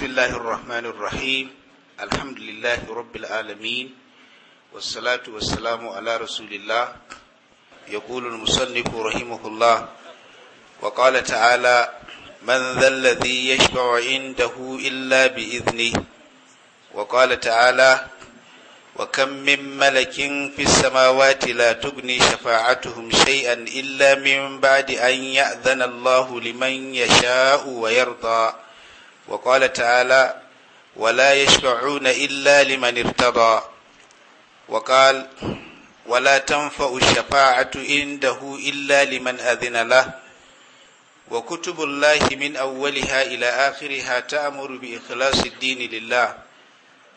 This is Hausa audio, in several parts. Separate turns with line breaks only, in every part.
بسم الله الرحمن الرحيم الحمد لله رب العالمين والصلاة والسلام على رسول الله يقول المصنف رحمه الله وقال تعالى من ذا الذي يشفع عنده إلا بإذنه وقال تعالى وكم من ملك في السماوات لا تغني شفاعتهم شيئا إلا من بعد أن يأذن الله لمن يشاء ويرضى وقال تعالى ولا يشفعون إلا لمن ارتضى وقال ولا تنفع الشفاعة عنده إلا لمن أذن له وكتب الله من أولها إلى آخرها تأمر بإخلاص الدين لله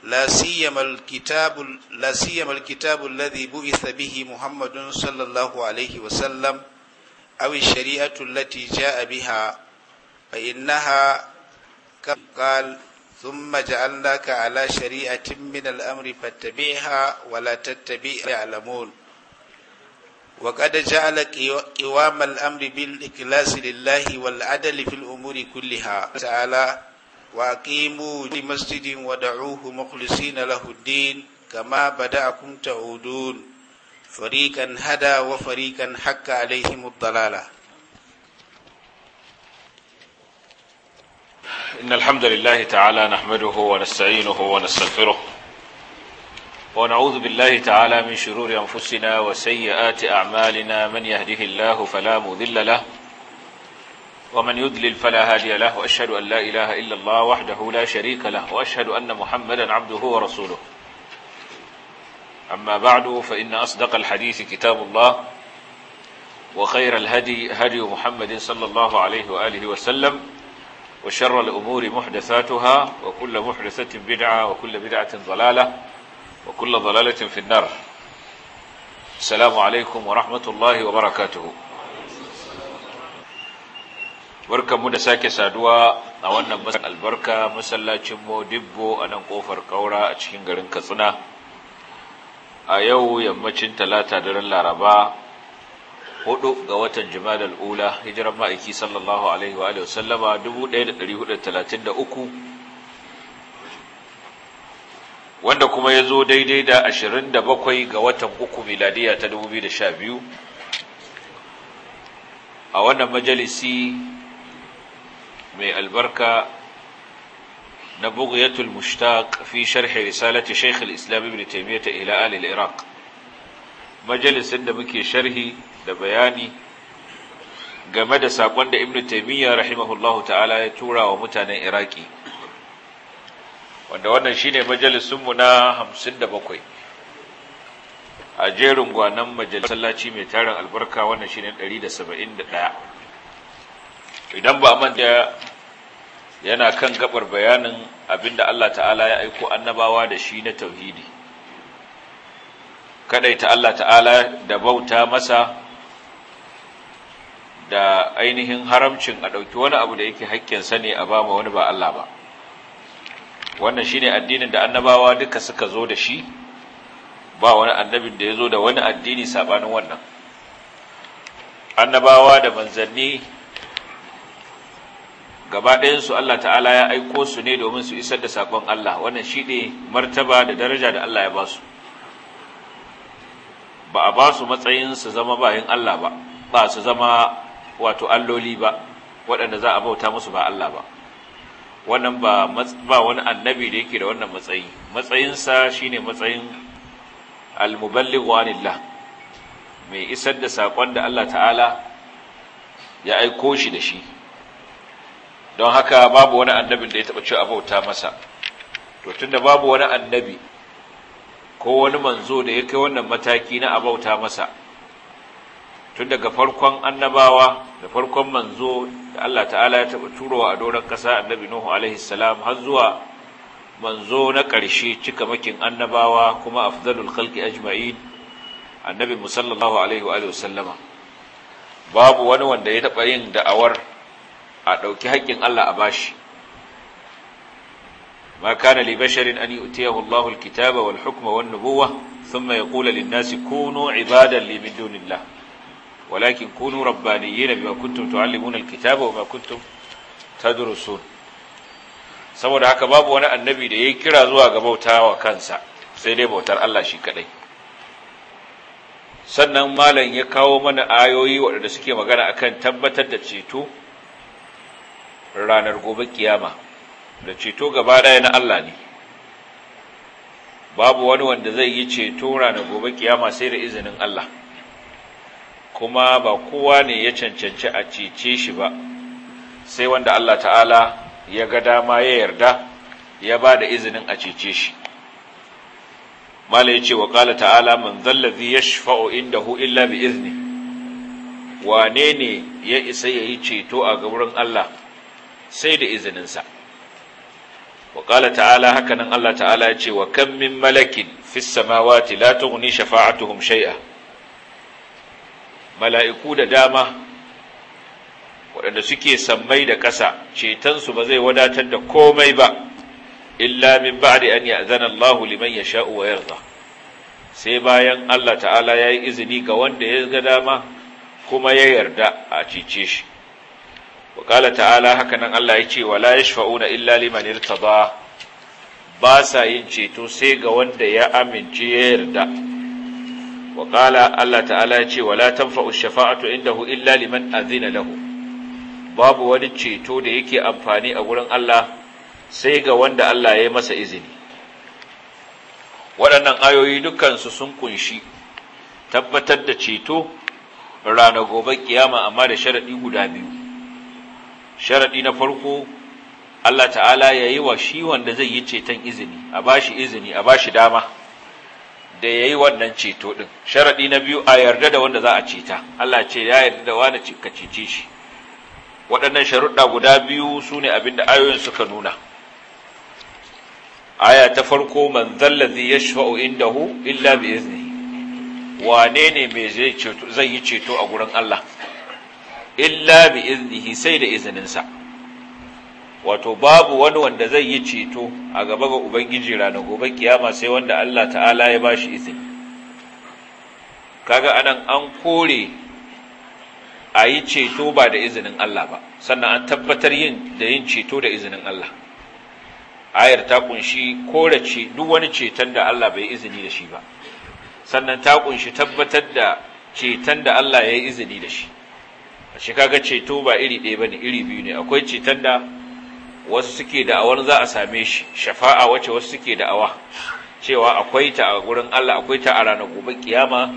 لا سيما الكتاب لا سيما الكتاب الذي بعث به محمد صلى الله عليه وسلم أو الشريعة التي جاء بها فإنها قال ثم جعلناك على شريعة من الأمر فاتبعها ولا تتبع يعلمون وقد جعل قوام الأمر بالإخلاص لله والعدل في الأمور كلها تعالى وأقيموا لمسجد ودعوه مخلصين له الدين كما بدأكم تعودون فريقا هدى وفريقا حق عليهم الضلاله
إن الحمد لله تعالى نحمده ونستعينه ونستغفره ونعوذ بالله تعالى من شرور أنفسنا وسيئات أعمالنا من يهده الله فلا مذل له ومن يذلل فلا هادي له وأشهد أن لا إله إلا الله وحده لا شريك له وأشهد أن محمدا عبده ورسوله أما بعد فإن أصدق الحديث كتاب الله وخير الهدي هدي محمد صلى الله عليه وآله وسلم وشر الأمور محدثاتها وكل محدثة بدعة وكل بدعة ضلالة وكل ضلالة في النار السلام عليكم ورحمة الله وبركاته barkanmu da sake saduwa a wannan albarka masallacin modibbo a nan ƙofar ƙaura a cikin garin katsina a yau yammacin talata daren laraba hudu ga watan Jumadal Ula hijiran ma'aiki sallallahu alaihi wa alihi wasallama 1433 wanda kuma ya zo daidai da 27 ga watan uku miladiya ta 2012 a wannan majalisi mai albarka na bugiyatul mushtaq fi sharhi risalati shaykh al-islam ibn taymiyyah ila ahli al-iraq majalisin da muke sharhi da bayani game da saƙon da ibn taimiyya rahimahullahu ta'ala ya tura wa mutanen iraki wanda wannan shine majalisunmu na hamsin da bakwai a jerin gwanon majalisallaci mai tarin albarka wannan shine ɗari da saba'in da ɗaya idan ba a manta yana kan gabar bayanin abinda Allah ta'ala ya aiko annabawa da shi na tauhidi ta Allah ta'ala da bauta masa da ainihin haramcin a ɗauki wani abu da yake haƙƙinsa ne a ma wani ba Allah ba wannan shine addinin da annabawa duka suka zo da shi ba wani annabin da ya zo da wani addini saɓanin wannan annabawa da manzanni gaba ɗayansu Allah ta'ala ya aiko su ne domin su isar da sakon Allah wannan shi ne martaba da daraja da Allah ya ba su ba a ba su matsayin su zama bayin Allah ba ba su zama wato alloli ba waɗanda za a bauta musu ba Allah ba wannan ba wani annabi da yake da wannan matsayi matsayinsa shine matsayin al-muballigh anillah mai isar da sakon da Allah ta'ala ya aiko shi da shi don haka babu wani annabin da ya taɓa cewa a bauta masa to tunda babu wani annabi ko wani manzo da ya kai wannan mataki na a bauta masa tun daga farkon annabawa da farkon manzo da Allah ta'ala ya taɓa turowa a doron ƙasa annabi Nuhu alaihi salam har zuwa manzo na ƙarshe cika makin annabawa kuma afdalul khalqi ajma'in annabi musallallahu alaihi wa sallama babu wani wanda ya taɓa yin da'awar a ɗauki haƙƙin Allah a bashi ما كان لبشر أن يؤتيه الله الكتاب والحكم والنبوة ثم يقول للناس كونوا عبادا لي من دون الله walakin kunu rabbaniyyin bima kuntum tuallimuna alkitaba wama kuntum tadrusun saboda haka babu wani annabi da ya kira zuwa ga bautawa kansa sai dai bautar Allah shi kadai sannan malam ya kawo mana ayoyi waɗanda suke magana akan tabbatar da ceto ranar gobe kiyama da ceto gaba ɗaya na Allah ne babu wani wanda zai yi ceto ranar gobe kiyama sai da izinin Allah kuma ba kowa ne ya cancanci a cece shi ba sai wanda Allah ta'ala ya ga dama ya yarda ya ba da izinin a cece shi Malam ce wa ƙala ta'ala man zallazi ya shafa'o inda hu illa bi izini. wane ne ya isa ya yi ceto a wurin Allah sai da izininsa wa ƙala ta'ala hakanan Allah ta'ala ya ce wa kammin malakin fissa mawa tilatun ni shafa'atuhum shai'a mala'iku da dama waɗanda suke sammai da ƙasa cetonsu ba zai wadatar da komai ba illa min ba'di an ya'zana Allah liman yasha'u wa yarda sai bayan Allah ta'ala yayi izini ga wanda ya ga dama kuma ya yarda a cice shi wa qala ta'ala hakanan Allah yace wala yashfa'una illa liman irtada ba sa yin ceto sai ga wanda ya amince ya yarda wa Allah ta'ala ya ce wala tanfa'u shafa'atu indahu illa liman azina lahu babu wani ceto da yake amfani a gurin Allah sai ga wanda Allah ya yi masa izini waɗannan ayoyi dukansu sun kunshi tabbatar da ceto rana gobe kiyama amma da sharaɗi guda biyu sharaɗi na farko Allah ta'ala ya yi wa shi wanda zai yi ceton izini a bashi izini a bashi dama da ya yi wannan ceto ɗin sharaɗi na biyu a yarda da wanda za a ceta Allah ce ya yarda da wani ka cece shi waɗannan sharuɗa guda biyu su ne abin da ayoyin suka nuna aya ta farko man zai ya inda hu illa bi izini wane ne mai zai yi ceto a gurin Allah illa bi iznihi sai da izininsa wato babu wani wanda zai yi ceto a gaba ga ubangiji ranar gobe kiyama sai wanda Allah ta'ala ya bashi izini kaga anan an kore a yi ceto ba da izinin Allah ba sannan an tabbatar yin da yin ceto da izinin Allah ayar ta kunshi kore duk wani ceton da Allah bai izini da shi ba sannan ta kunshi tabbatar da ceton da Allah ya yi izini da shi a shi kaga ceto ba iri ɗaya ba ne iri biyu ne akwai ceton da wasu suke da'awar za a same shi shafa'a wacce wasu suke da'awa cewa akwai ta a gurin Allah akwai ta a ranar gobe kiyama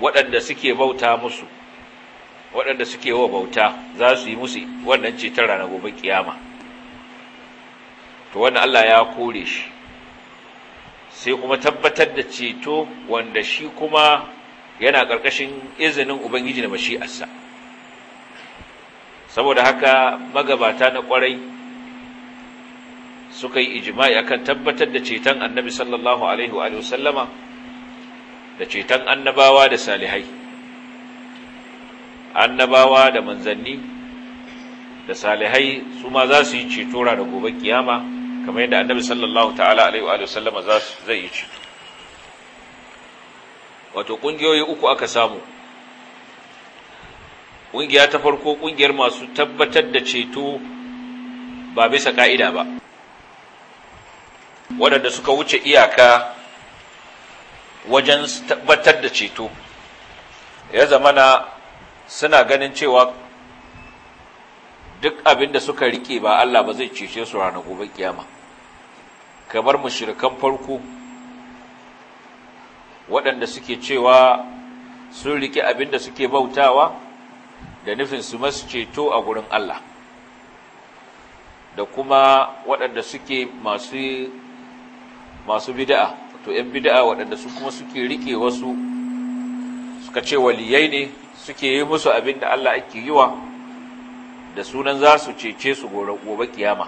waɗanda suke bauta musu waɗanda suke wa bauta za su yi musu wannan ce ta ranar gobe kiyama to wannan Allah ya kore shi sai kuma tabbatar da ceto wanda shi kuma yana ƙarƙashin izinin Ubangiji da mashi'arsa. saboda haka magabata na kwarai suka yi ijima'i, akan tabbatar da ceton annabi sallallahu alaihi wa sallama da ceton annabawa da salihai annabawa da manzanni da salihai su ma za su yi ceto da gobe kiyama kamar yadda annabi sallallahu ta'ala alaihi wa sallama zai yi ceto wato kungiyoyi uku aka samu ƙungiya ta farko ƙungiyar masu tabbatar da ceto ba bisa ka'ida ba waɗanda suka wuce iyaka wajen tabbatar da ceto ya zamana suna ganin cewa duk abin da suka rike ba Allah ba zai cece su rana gobe kiyama kamar mushrikan farko waɗanda suke cewa sun rike abin da suke bautawa da nufin su masu ceto a gurin Allah da kuma waɗanda suke masu masu bida'a to ‘yan bida'a waɗanda su kuma suke rike wasu suka ce waliyai ne suke yi musu abin da Allah ake yi wa da sunan za su cece su gobe kiyama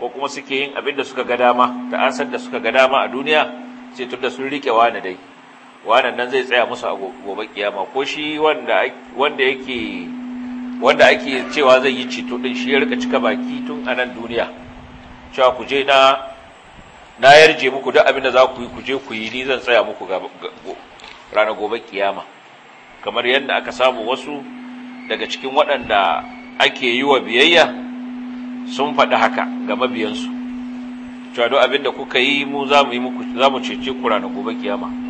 ko kuma suke yin abin da suka ga dama ta ansar da suka ga dama a duniya ce tun da sun rike wani dai wannan nan zai tsaya musu a gobe kiyama ko shi wanda wanda yake wanda ake cewa zai yi cito din shi ya rika cika baki tun a nan duniya cewa ku je na na yarje muku duk abin da za ku yi ku je ku yi ni zan tsaya muku ranar gobe kiyama kamar yadda aka samu wasu daga cikin waɗanda ake yi wa biyayya sun faɗi haka ga mabiyansu cewa duk abin da kuka yi mu za mu cece ku ranar gobe kiyama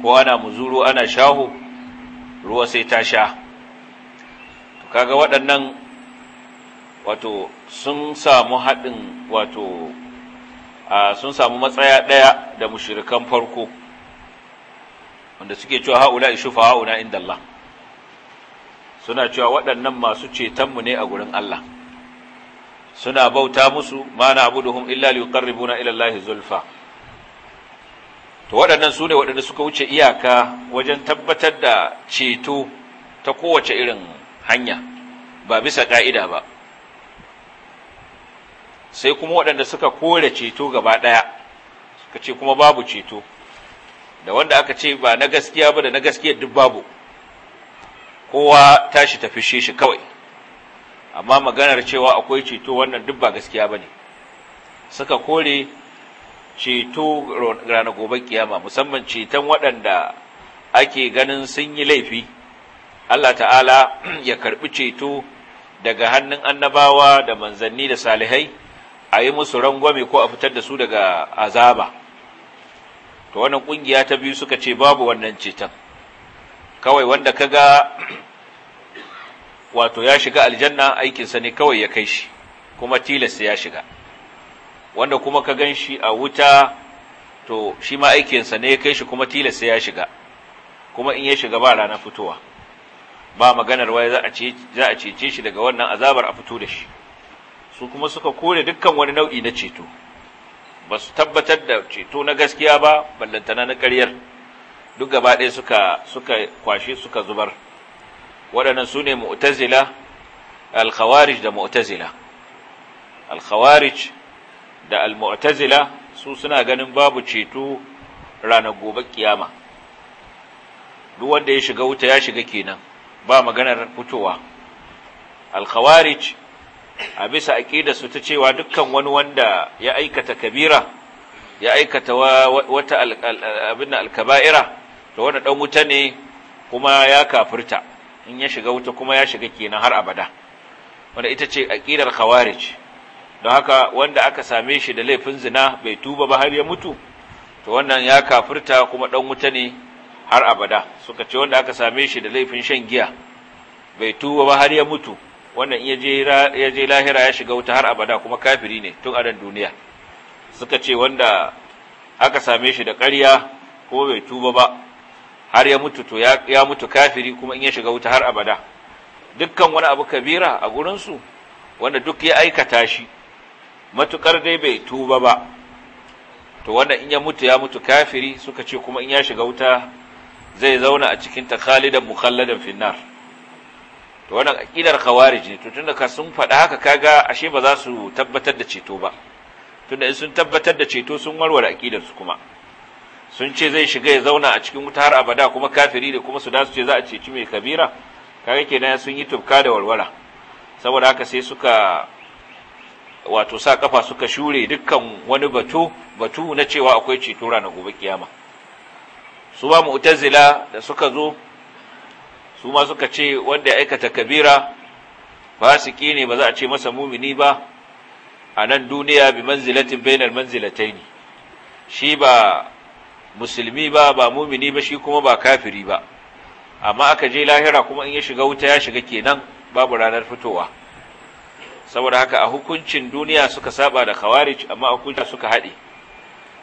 ko ana muzuru ana shahu, ruwa sai ta sha to kaga waɗannan wato sun samu haɗin wato sun samu matsaya ɗaya da mushirikan farko wanda suke cewa haula ishufa hauna inda Allah suna cewa waɗannan masu cetonmu ne a gurin Allah suna bauta musu ma na abuduhum illa liqarribuna ila Allah zulfa to waɗannan su ne waɗanda suka wuce iyaka wajen tabbatar da ceto ta kowace irin hanya ba bisa ƙa'ida ba sai kuma waɗanda suka kore ceto gaba ɗaya suka ce kuma babu ceto da wanda aka ce ba na gaskiya ba da na gaskiya duk babu kowa tashi tafi shi kawai amma maganar cewa akwai ceto wannan duk ba gaskiya ba ne suka kore ceto rana gobe kiyama musamman ceton waɗanda ake ganin sun yi laifi Allah ta'ala ya karɓi ceto daga hannun annabawa da manzanni da salihai a yi musu rangwame ko a fitar da su daga azaba to wannan ƙungiya ta biyu suka ce babu wannan ceton kawai wanda ka ga wato ya shiga aljanna aikinsa ne kawai ya kai shi kuma tilasta ya shiga wanda kuma ka gan shi a wuta to shi ma aikinsa ne ya kai shi kuma tilasta ya shiga kuma in ya shiga ba ranar fitowa ba maganar wai za a cece shi daga wannan azabar a fito da shi su kuma suka kore dukkan wani nau'i na ceto ba su tabbatar da ceto na gaskiya ba ballantana na ƙaryar duk gaba ɗaya suka suka kwashe suka zubar waɗannan su ne mu'tazila al-khawarij da mu'tazila al-khawarij da al su suna ganin babu ceto ranar gobe kiyama duk wanda ya shiga wuta ya shiga kenan ba maganar fitowa al a bisa aqida su ta cewa dukkan wani wanda ya aikata kabira ya aikata wata abin al-kaba'ira to wanda dan wuta ne kuma ya kafirta in ya shiga wuta kuma ya shiga kenan har abada wanda ita ce aqidar khawarij don haka wanda aka same shi da laifin zina bai tuba ba har ya mutu to wannan ya kafirta kuma dan wuta ne har abada suka ce wanda aka same shi da laifin shan giya bai tuba ba har ya mutu wannan ya je lahira ya shiga wuta har abada kuma kafiri ne tun adan duniya suka ce wanda aka same shi da ƙarya ko bai tuba ba har ya mutu to ya mutu kafiri kuma in ya shiga wuta har abada dukkan wani abu kabira a gurinsu wanda duk ya aikata shi matukar dai bai tuba ba to wannan in ya mutu ya mutu kafiri suka ce kuma in ya shiga wuta zai zauna a cikin ta khalidan mukhalladan finnar to wannan aqidar khawarij ne to tunda ka sun faɗa haka kaga ashe ba za su tabbatar da ceto ba tunda in sun tabbatar da ceto sun warware aqidar su kuma sun ce zai shiga ya zauna a cikin wuta har abada kuma kafiri da kuma su da su ce za a ceci mai kabira kaga kenan sun yi tubka da walwala saboda haka sai suka wato sa kafa suka shure dukkan wani batu batu na cewa akwai ceto ranar gobe kiyama su ba mu'tazila da suka zo su ma suka ce wanda ya aikata kabira fasiki ne ba za a ce masa mumini ba a nan duniya bi manzilatin bainal ne. shi ba musulmi ba ba mumini ba shi kuma ba kafiri ba amma aka je lahira kuma in ya shiga wuta ya shiga kenan babu ranar fitowa saboda haka a hukuncin duniya suka saba da khawarij amma a hukuncin suka haɗe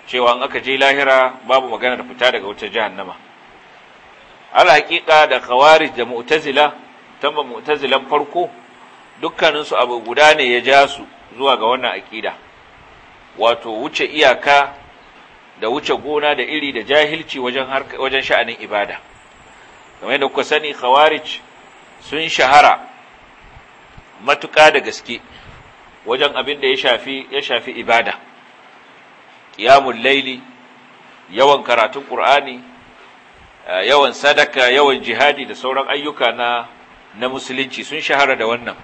cewa in aka je lahira babu magana da fita daga wutar jahannama al haƙiƙa da khawarij da mu'tazila tamba mu'tazilan farko dukkanin su abu guda ne ya ja su zuwa ga wannan aƙida wato wuce iyaka da wuce gona da iri da jahilci wajen wajen sha'anin ibada kamar yadda kuka sani khawarij sun shahara matuƙa da gaske wajen abin da ya shafi ibada ƙiyamun laili yawan karatun ƙur'ani, eh, yawan sadaka yawan jihadi da sauran ayyuka na na musulunci sun shahara da wannan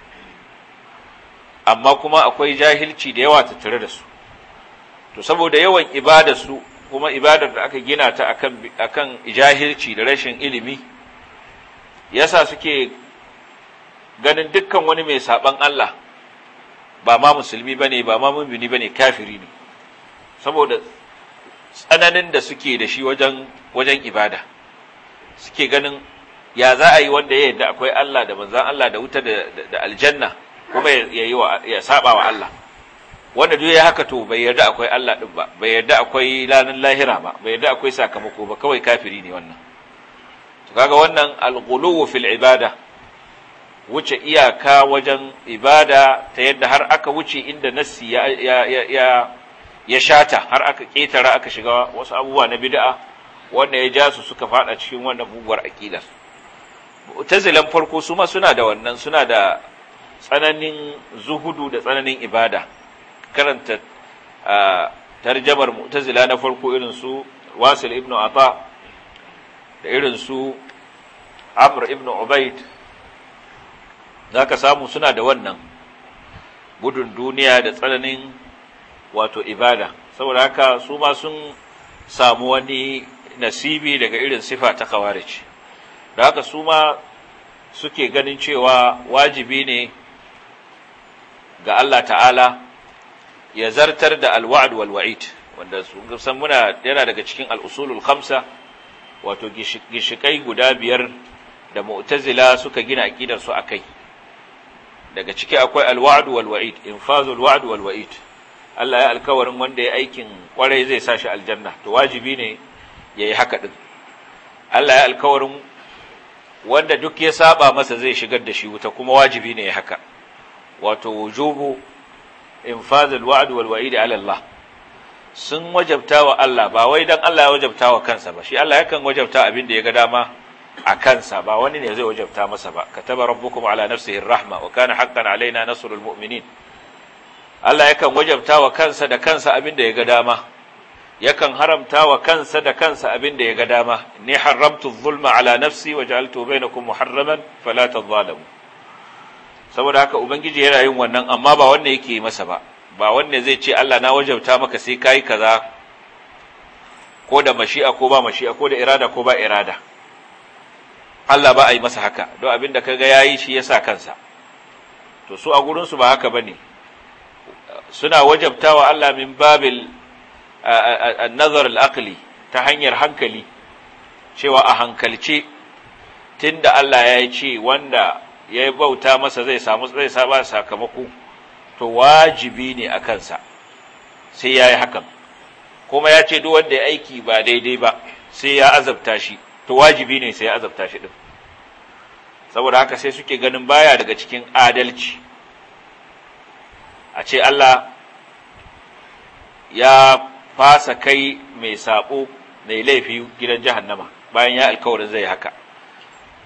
amma kuma akwai jahilci da yawa tattare da su to saboda yawan ibada su kuma ibadar da aka gina ta akan akan jahilci da rashin ilimi yasa suke ganin dukkan wani mai saban Allah ba ma musulmi ba ne, ba ma mumini ne, kafiri ne saboda tsananin da suke da shi wajen ibada suke ganin ya za a yi wanda ya yadda akwai Allah da manzan Allah da wuta da aljanna kuma ya saba wa Allah wanda duk ya haka to bai yarda akwai Allah din ba bai yarda akwai lanin lahira ba bai yarda akwai sakamako ba kawai kafiri ne wannan to kaga wannan al-ghuluw fil ibada wuce iyaka wajen ibada ta yadda har aka wuce inda nassi ya, ya, shata har aka ƙetara aka shiga wasu abubuwa na bid'a wanda ya ja su suka fada cikin wannan buguwar aƙida tazilan farko su ma suna da wannan suna da tsananin zuhudu da tsananin ibada karanta tarjamar mu'tazila na farko irin su wasil ibnu ata da irin su amr ibnu ubayd za ka samu suna da wannan gudun duniya da tsananin wato ibada saboda haka su ma sun samu wani nasibi daga irin sifa ta kawarici da haka su ma suke ganin cewa wajibi ne ga Allah ta'ala ya zartar da alwa'ad wal wa'id wanda san muna yana daga cikin al'usulul khamsa wato gishikai guda biyar da mu'tazila suka gina aqidar su kai. daga ciki akwai alwa'du wal wa'id infazu alwa'du wal wa'id Allah ya alkawarin wanda ya aikin kwarai zai sa shi aljanna to wajibi ne yayi haka din Allah ya alkawarin wanda duk ya saba masa zai shigar da shi wuta kuma wajibi ne ya haka wato wujubu in wa'd wal wa'id ala Allah sun wajabta wa Allah ba wai dan Allah ya wajabta wa kansa ba shi Allah yakan wajabta abin da ya ga dama a kansa ba wani ne zai wajabta masa ba kataba rabbukum ala nafsihi rahma wa kana haqqan alaina nasrul mu'minin Allah yakan wajabta wa kansa da kansa abin da ya ga dama yakan haramta wa kansa da kansa abin da ya ga dama ni haramtu zulma ala nafsi wa ja'altu bainakum muharraman fala tadhalamu saboda haka ubangiji yana yin wannan amma ba wanda yake yi masa ba ba wanda zai ce Allah na wajabta maka sai kai kaza ko da mashi'a ko ba mashi'a ko da irada ko ba irada Allah ba a yi masa haka don abin da kaga yi shi ya sa kansa to su a gurin ba haka bane suna wajabtawa Allah min babil an-nazar al ta hanyar hankali cewa a hankalce tunda Allah ya yi ce wanda ya bauta masa zai samu zai saba sakamako to wajibi ne a kansa sai ya yi hakan kuma ya ce duk wanda ya aiki ba daidai ba sai ya azabta shi to wajibi ne sai azabta shi din saboda haka sai suke ganin baya daga cikin adalci a ce Allah ya fasa kai mai sabo mai laifi gidan jahannama bayan ya alkawarin zai haka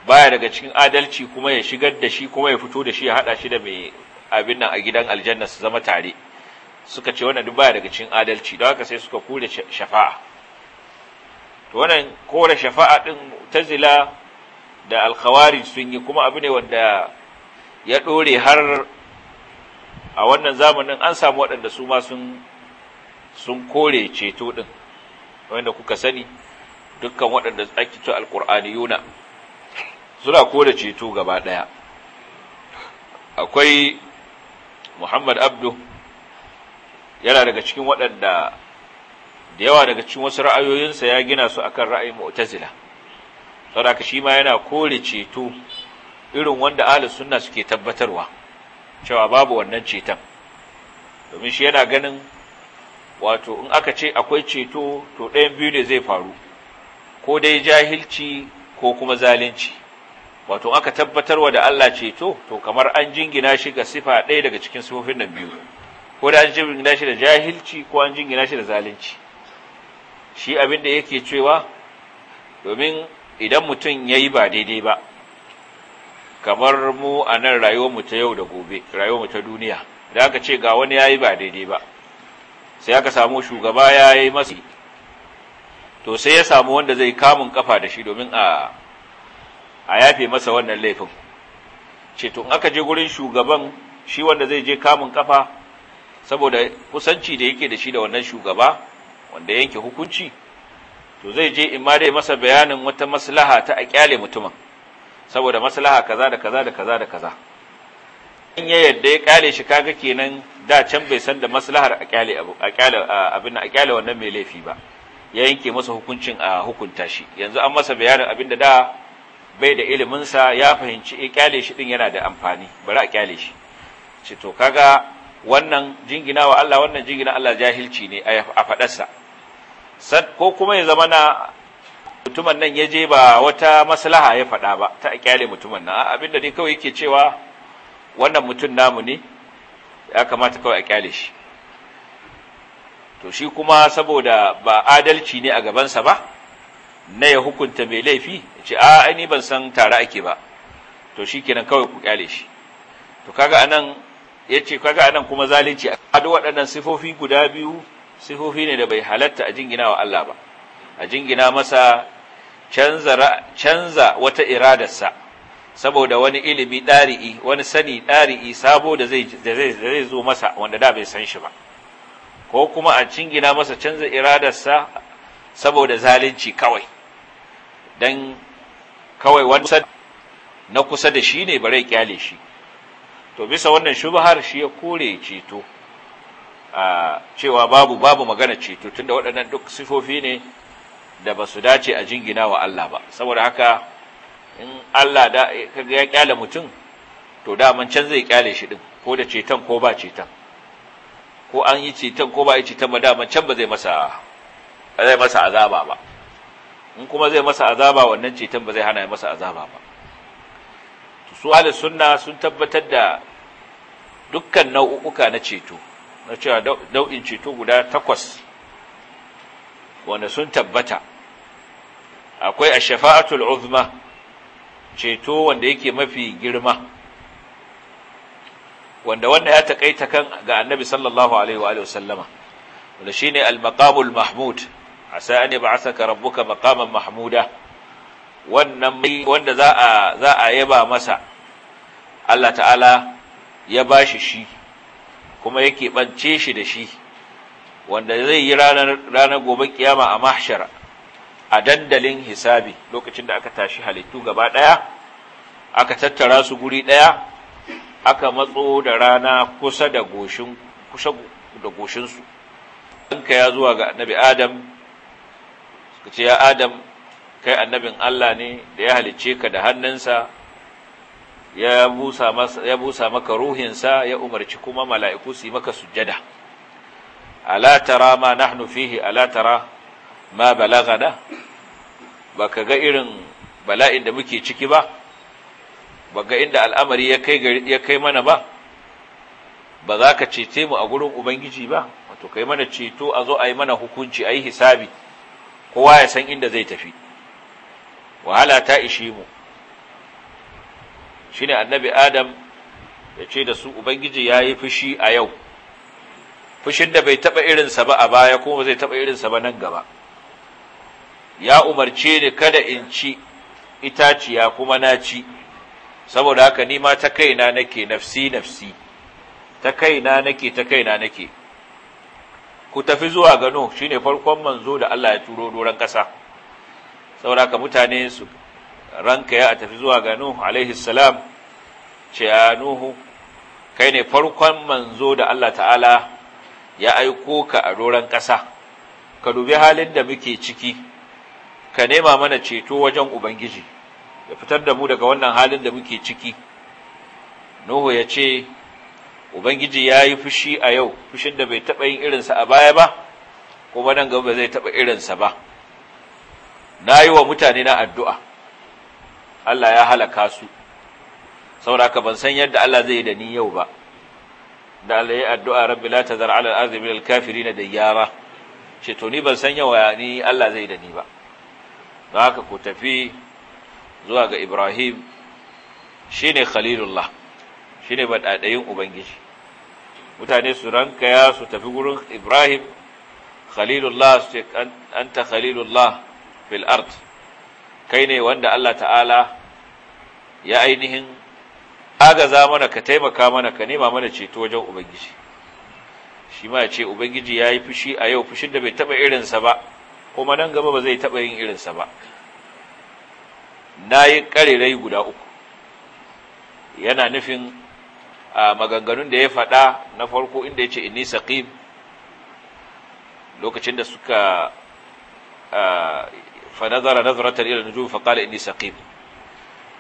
baya daga cikin adalci kuma ya shigar da shi kuma ya fito da shi ya hada shi da mai abin nan a gidan aljanna su zama tare suka ce wannan duk baya daga cikin adalci don haka sai suka kure shafa'a to wannan kore shafa'a din mu'tazila da al-khawarij sun yi kuma abu ne wanda ya dore har a wannan zamanin an samu waɗanda su ma sun sun kore ceto din wanda kuka sani dukkan waɗanda ake to yuna? suna kore ceto gaba daya akwai Muhammad Abdu yana daga cikin waɗanda da yawa daga cikin wasu ra'ayoyinsa ya gina su akan ra'ayin mu'tazila saboda shi ma yana kore ceto irin wanda ahlus sunna suke tabbatarwa cewa babu wannan ceton domin shi yana ganin wato in aka ce akwai ceto to ɗayan biyu ne zai faru ko dai jahilci ko kuma zalunci wato aka tabbatarwa da Allah ceto to kamar an jingina shi ga sifa ɗaya daga cikin sifofin nan biyu ko da an jingina shi da jahilci ko an jingina shi da zalunci shi abin da yake cewa domin idan mutum ya yi ba daidai ba kamar mu a nan rayuwarmu ta yau da gobe rayuwarmu ta duniya da aka ce ga wani ya yi ba daidai ba sai aka samu shugaba ya yi masu to sai ya samu wanda zai kamun kafa da shi domin a a yafe masa wannan laifin ce to aka je gurin shugaban shi wanda zai je kamun kafa saboda kusanci da yake da shi da wannan shugaba wanda yanke hukunci to zai je in ma dai masa bayanin wata maslaha ta a kyale mutumin saboda maslaha kaza da kaza da kaza da kaza in ya yadda ya kyale shi kaga kenan da can bai san da maslahar a kyale abin a kyale wannan mai laifi ba ya yanke masa hukuncin a hukunta shi yanzu an masa bayanin abin da da bai da iliminsa ya fahimci ya kyale shi din yana da amfani bari a kyale shi ce to kaga wannan jingina wa Allah wannan jingina Allah jahilci ne a faɗarsa ko kuma ya zama na mutumin nan ya je ba wata maslaha ya faɗa ba ta kyale mutumin nan abinda dai kawai yake cewa wannan mutum namu ne ya kamata kawai a kyale shi to shi kuma saboda ba adalci ne a gabansa ba na ya hukunta mai laifi ce a ni ban san tare ake ba to shi kenan kawai ku kyale shi to kaga anan Ya ce kaga anan kuma zalunci a duk waɗannan sifofi guda biyu sifofi ne da bai halatta a jingina wa Allah ba a jingina masa canza wata iradarsa saboda wani ilimi ɗari'i wani sani ɗari'i sabo da zai zo masa wanda da bai san shi ba ko kuma a jingina masa canza iradarsa saboda zalunci kawai Don kawai wani na kusa da shi ne bare kyale shi to bisa wannan shubhar shi ya kore ceto a cewa babu babu magana ceto tunda waɗannan duk sifofi ne da ba su dace a jingina wa Allah ba saboda haka in Allah ya kyale mutum to daman can zai kyale shi din ko da ceton ko ba ceton ko an yi ceton ko ba yi ceton ba daman can ba zai masa azaba ba in kuma zai masa azaba wannan ceton ba zai hana masa azaba ba su ahli sunna sun tabbatar da dukkan nau'uka na ceto na cewa nau'in ceto guda takwas wanda sun tabbata akwai a shafaatul uzma ceto wanda yake mafi girma wanda wanda ya taƙaita kan ga annabi sallallahu alaihi wa sallama wanda shine al-maqamul mahmud asa an yab'athaka rabbuka maqaman mahmuda wannan mai wanda za a za a yaba masa Allah ta'ala ya bashi shi kuma yake bance shi da shi wanda zai yi ranar gobe kiyama a mahshara a dandalin hisabi lokacin da aka tashi halittu gaba ɗaya aka tattara su guri ɗaya aka matso da rana kusa da goshin kusa da goshinsu ɗanka ya zuwa ga annabi adam suka ce ya adam kai annabin Allah ne da ya halicce ka da hannunsa ya busa maka ruhinsa ya umarci kuma mala'iku su yi maka sujjada ala tara ma nahnu fihi ala tara ma Ba ka ga irin bala'in da muke ciki ba ga inda al'amari ya kai mana ba ba za ka cece mu a gurin ubangiji ba wato kai mana ceto a zo a yi mana hukunci a yi hisabi kowa ya san inda zai tafi wahala ta ishe mu shine annabi adam ya ce da su ubangiji ya yi fushi a yau fushin da bai taɓa irinsa ba a baya kuma zai taba irinsa ba nan gaba ya umarce ni kada in ci itaciya kuma na ci saboda haka ni ma ta kaina nake nafsi nafsi ta kaina nake ta kaina nake ku tafi zuwa gano shine farkon manzo da Allah ya turo doron ƙasa saboda ka mutane su ranka ya tafi zuwa ga Nuhu alaihi salam ce a Nuhu kai ne farkon manzo da Allah ta'ala ya aiko ka a doron ƙasa ka dubi halin da muke ciki ka nema mana ceto wajen ubangiji ya fitar da mu daga wannan halin da muke ciki Nuhu ya ce ubangiji ya yi fushi a yau fushin da bai taɓa yin irinsa a baya ba kuma nan gaba zai taɓa irinsa ba na yi wa mutane na addu'a Allah ya halaka su sauraka ban san yadda Allah zai da ni yau ba da Allah ya addu'a rabbi la zara ala al'arzi da alkafiri na dayyara ce ni ban san yawa ni Allah zai da ni ba don haka ku tafi zuwa ga Ibrahim shi ne Khalilullah shi ne baɗaɗayin Ubangiji mutane su ranka ya su tafi gurin Ibrahim Khalilullah su ce an ta Khalilullah fil ard kai ne wanda Allah ta'ala ya ainihin agaza mana ka taimaka mana ka nema mana ceto wajen ubangiji shi ma ya ce ubangiji ya yi fushi a yau fushin da bai taɓa irinsa ba kuma nan gaba ba zai taɓa yin irinsa ba na yi ƙarirai guda uku yana nufin a maganganun da ya faɗa na farko inda ya ce inni lokacin da suka fa nazara nazratan ila nujum fa qala inni saqim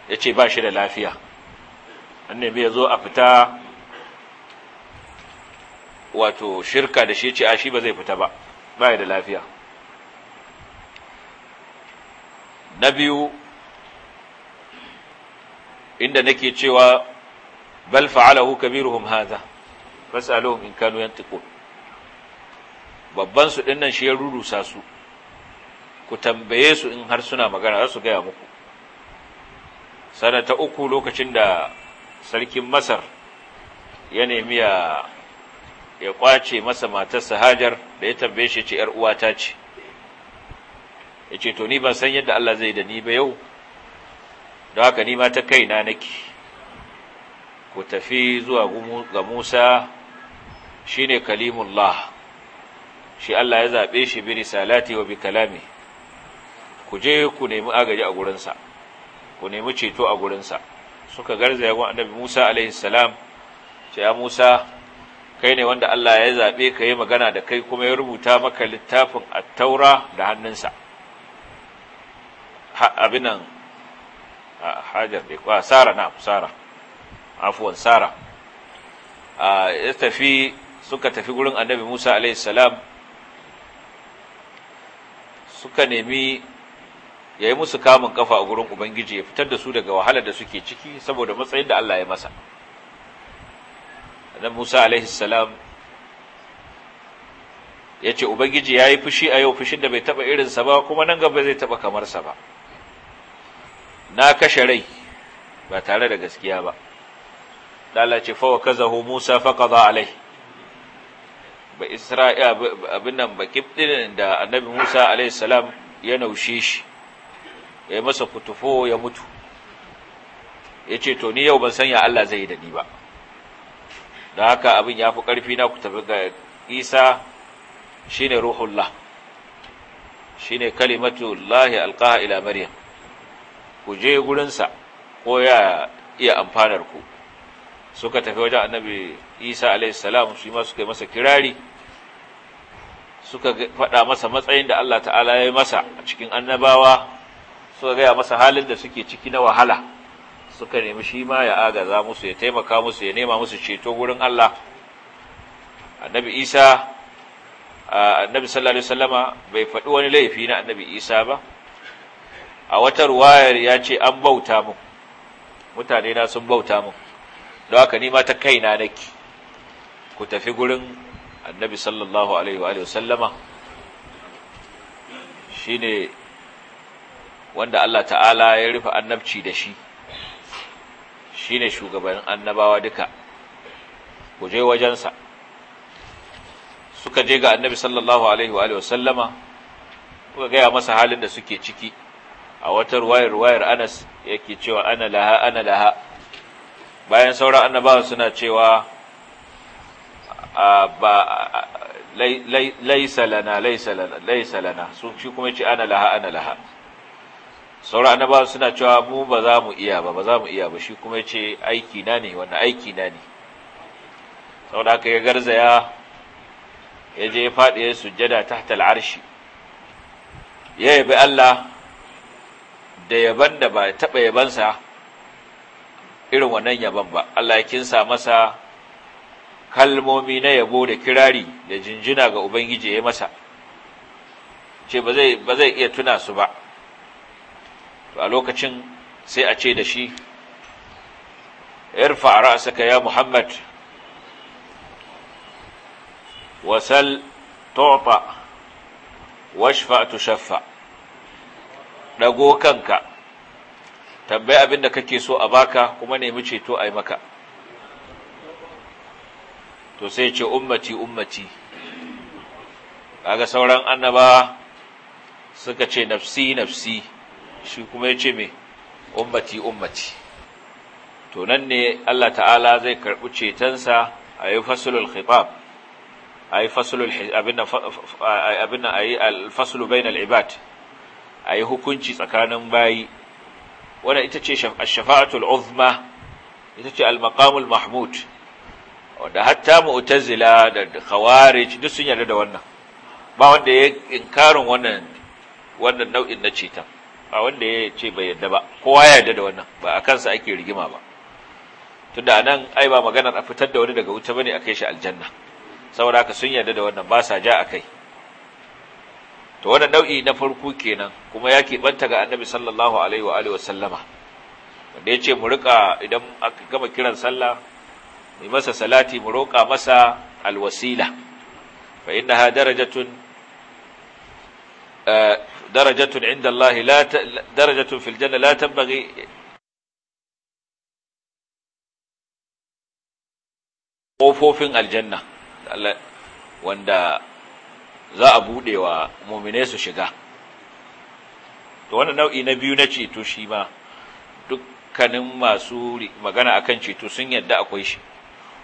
yace ba shi da lafiya annabi ya zo a fita wato shirka da shi ce a shi ba zai fita ba ba da lafiya na biyu inda cewa bal fa'alahu babban su dinnan shi ya rurusa su ku tambaye su in har suna magana za su gaya muku Sanata uku lokacin da sarkin masar ya nemi ya kwace masa matarsa hajar da ya tambaye shi ce ‘yar uwata ce ya ce to ni ban san yadda Allah zai da ni ba yau da haka ni ma ta kaina nake ku tafi zuwa ga Musa shi ne kalimullah shi Allah ya zaɓe shi bi risalati wa bi kalami ku je ku nemi agaji a gurinsa ku nemi ceto a gurinsa suka garzaya wa annabi Musa alaihi salam ce ya Musa kai ne wanda Allah ya zabe ka yi magana da kai kuma ya rubuta maka littafin at-taura da hannunsa abin nan hajar da kwa sara na sara afuwan sara ya tafi suka tafi gurin annabi Musa alaihi salam suka nemi ya yi musu kamun kafa a gurin ubangiji ya fitar da su daga wahalar da suke ciki saboda matsayin da Allah ya masa annabi Musa alaihi salam ya ce ubangiji ya yi fushi a yau fushin da bai taba sa ba kuma nan gaba zai taba sa ba na kashe rai ba tare da gaskiya ba Dala ce fa wa kazahu Musa qada alai ba Isra'ila abin nan ba kibdin da annabi Musa alaihi salam ya naushe shi ya masa kutufo ya mutu ya ce to ni yau ban sanya Allah zai yi da ni ba da haka abin ya fi ƙarfi na ku tafi ga isa shi ne ruhullah shi ne kalimatullahi alƙaha ila maryam ku je gurinsa ko ya iya amfanar ku suka tafi wajen annabi isa alaihissalam su ma suka kai masa kirari suka faɗa masa matsayin da allah ta'ala ya yi masa a cikin annabawa suka gaya masa halin da suke ciki na wahala suka nemi shi ma ya agaza musu ya taimaka musu ya nema musu ceto gurin Allah annabi isa annabi sallallahu alaihi wasallama bai faɗi wani laifi na annabi isa ba a wata ruwayar ya ce an bauta mu mutane na sun bauta mu don haka nima ta kaina nake ku tafi gurin annabi sallallahu alaihi wasallama shine wanda Allah ta'ala ya rufe annabci da shi shi ne shugaban annabawa duka ku je wajensa suka je ga annabi sallallahu alaihi wa sallama kuka gaya masa halin da suke ciki a wata ruwayar ruwayar anas yake cewa ana laha ana laha bayan sauran annabawa suna cewa ba laisa lana laisa lana laisa lana sun ci kuma ce ana laha ana laha sauran annabawa suna cewa mu ba za mu iya ba ba za mu iya ba shi kuma ya ce aiki na ne wannan aiki na ne saboda haka ya garzaya ya je ya faɗi ya sujjada tahta al'arshi ya yabi Allah da yaban da ba taɓa yabansa irin wannan yaban ba Allah ya kinsa masa kalmomi na yabo da kirari da jinjina ga Ubangiji ya masa ce ba zai iya tuna su ba a lokacin sai a ce da shi irfa ra'saka ya muhammad wasal tu'ta washfa tushaffa dago kanka tambayi abin da kake so a baka kuma nemi ceto yi maka to sai ce ummati ummati kaga sauran annaba suka ce nafsi nafsi shi kuma ya ce me ummati ummati to nan ne Allah ta'ala zai karɓi cetonsa a yi fasulul khitab a yi fasulul abin a yi alfasulu bainal ibad a yi hukunci tsakanin bayi wadda ita ce shafa'atul uzma ita ce al mahmud wadda hatta mu'tazila da khawarij duk sun yarda da wannan ba wanda ya inkarin wannan wannan nau'in na cetan A wanda ya ce bai yadda ba kowa ya yadda da wannan ba a kansa ake rigima ba tunda anan ai ba maganar a fitar da wani daga wuta bane a kai shi aljanna saboda haka sun yarda da wannan ba sa ja a kai. to wannan nau'i na farko kenan kuma ya banta ga annabi sallallahu alaihi wa alihi wasallama wanda yace mu rika idan aka gama kiran sallah mu masa salati mu roƙa masa alwasila fa innaha darajatun eh, darajatun inda Allah la darajatun fil janna la tanbaghi kofofin aljanna wanda za a buɗe wa muminai su shiga to wani nau'i na biyu na ceto shi ma dukkanin masu magana akan ceto sun yadda akwai shi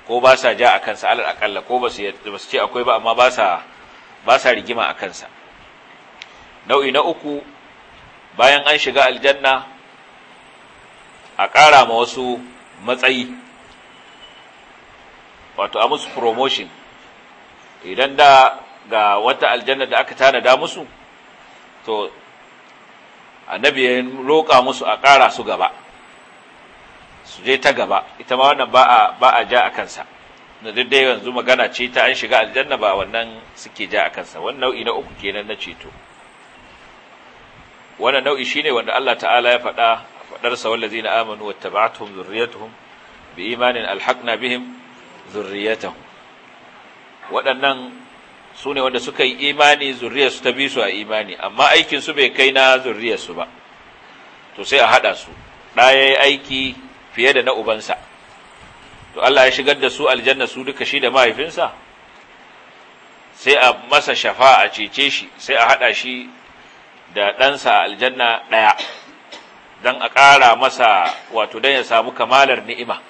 ko ba sa ja a kansa alal akalla ko ba su ce akwai ba amma ba sa rigima a kansa nau'i na uku bayan an shiga aljanna a ƙara ma wasu matsayi wato a musu promotion idan da ga wata aljanna da aka tanada musu to annabi ya roƙa musu a ƙara su gaba su je ta gaba ita ma wannan ba a ja a kansa na daidai yanzu magana ce ta an shiga aljanna ba wannan suke ja a kansa wannan nau'i na uku kenan na ceto wannan nau'i shine wanda Allah ta'ala ya faɗa faɗar sa wallazina amanu wattaba'atuhum zurriyatuhum imanin alhaqna bihim zurriyatahum waɗannan su ne wanda suka yi imani su ta bi su a imani amma aikin su bai kai na zurriyarsu ba to sai a haɗa su ɗaya ya aiki fiye da na ubansa to Allah ya shigar da su aljanna su duka shi da mahaifinsa sai a masa shafa a cece shi sai a haɗa shi da ɗansa a aljanna ɗaya don a ƙara masa wato don ya samu kamalar ni'ima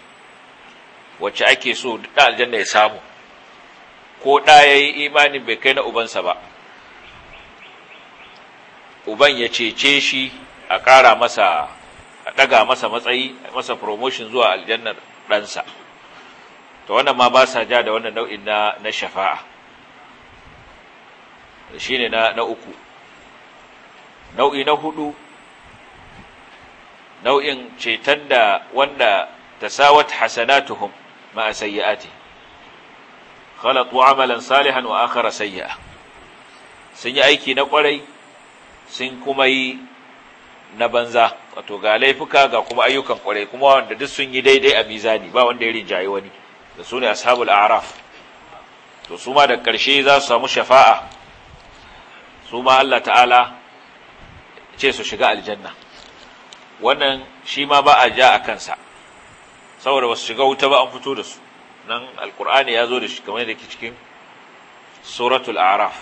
wacce ake so duk aljanna ya samu ko ɗa ya yi imanin bai kai na ubansa ba uban ya cece shi a ƙara masa a ɗaga masa matsayi masa promotion zuwa aljannar ɗansa to wannan ma ba sa ja da wannan nau'in na shafa'a shi ne na uku nau'i na hudu nau'in ceton da wanda ta sawat hasanatuhum ma'a sayyi'ati khalatu amalan salihan wa akhara sayyi'a sun yi aiki na kwarai sun kuma yi na banza wato ga laifuka ga kuma ayyukan kwarai kuma wanda duk sun yi daidai a mizani ba wanda ya rinjaye wani da su ne ashabul a'raf to su ma da ƙarshe za su samu shafa'a su ma Allah ta'ala ce su shiga aljanna wannan shi ma ba a ja a kansa saboda ba su shiga wuta ba an fito da su nan alkur'ani ya zo da shi kamar da ke cikin suratul araf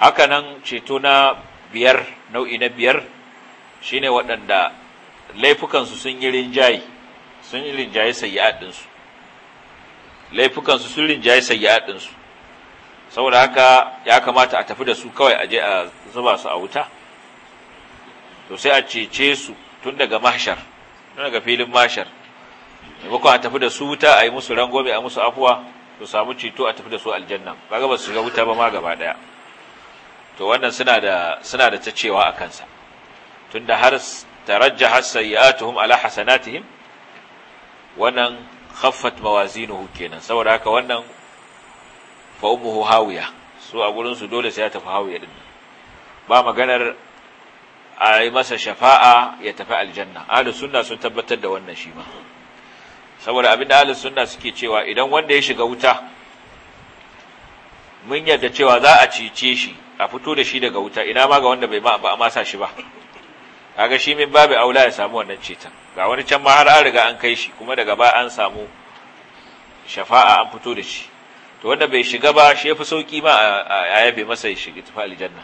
haka nan ceto na biyar nau'i na biyar shine waɗanda laifukansu sun yi rinjaye sun yi rinjaye laifukansu sun rinjaye sayyi'at ɗinsu saboda haka ya kamata a tafi da su kawai a je a zuba su a wuta to sai a cece su tun daga mashar tun daga filin mashar maimakon a tafi da su wuta a yi musu rangobe a musu afuwa to samu ceto a tafi da su aljanna ga ba su shiga wuta ba ma gaba daya to wannan suna da suna da ta cewa a kansa Tun da har tarajjaha sayyi'atuhum ala hasanatihim wannan khaffat mawazinuhu kenan saboda haka wannan fa ummuhu hawiya su a gurin su dole sai ya tafi hawiya din ba maganar a yi masa shafa'a ya tafi aljanna ahlus sunna sun tabbatar da wannan shi ma saboda abinda ahlus sunna suke cewa idan wanda ya shiga wuta mun yarda cewa za a cice shi a fito da shi daga wuta ina ma ga wanda bai ma ba a masa shi ba kaga shi min babu aula ya samu wannan ceton ga wani can ma har an riga an kai shi kuma daga ba an samu shafa'a an fito da shi to wanda bai shiga ba shi yafi sauki ma a yabe masa ya shiga tafi aljanna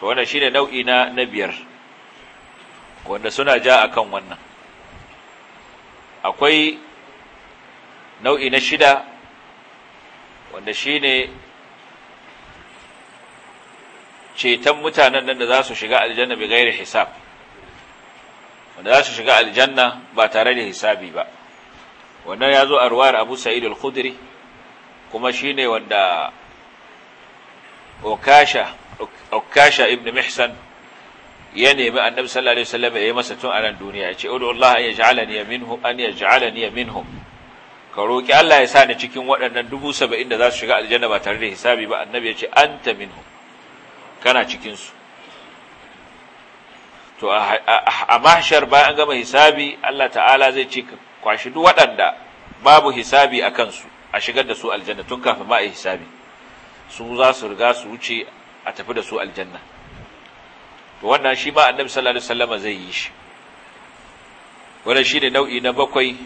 to wannan shine nau'i na na biyar wanda suna ja akan wannan akwai nau'i na shida wanda shine ceton mutanen nan da za su shiga aljanna bi gairi hisab wanda za su shiga aljanna ba tare da hisabi ba wannan ya zo a ruwar abu sa'id al-khudri kuma shine wanda Okasha ibn mihsan ya nemi annabi sallallahu alaihi wasallam ya yi masa tun a nan duniya ya ce udu Allah an yaj'alani minhum an yaj'alani minhum ka roki Allah ya sa ni cikin waɗannan dubu saba'in da za su shiga aljanna ba tare da hisabi ba annabi ya ce anta minhum kana cikin su to a mahshar bayan an gama hisabi Allah ta'ala zai ce kwashi duk waɗanda babu hisabi a kansu a shigar da su aljanna tun kafin ma a yi hisabi su za su riga su wuce a tafi da su aljanna to wannan shi ma annabi sallallahu alaihi wasallam zai yi shi wannan shi ne nau'i na bakwai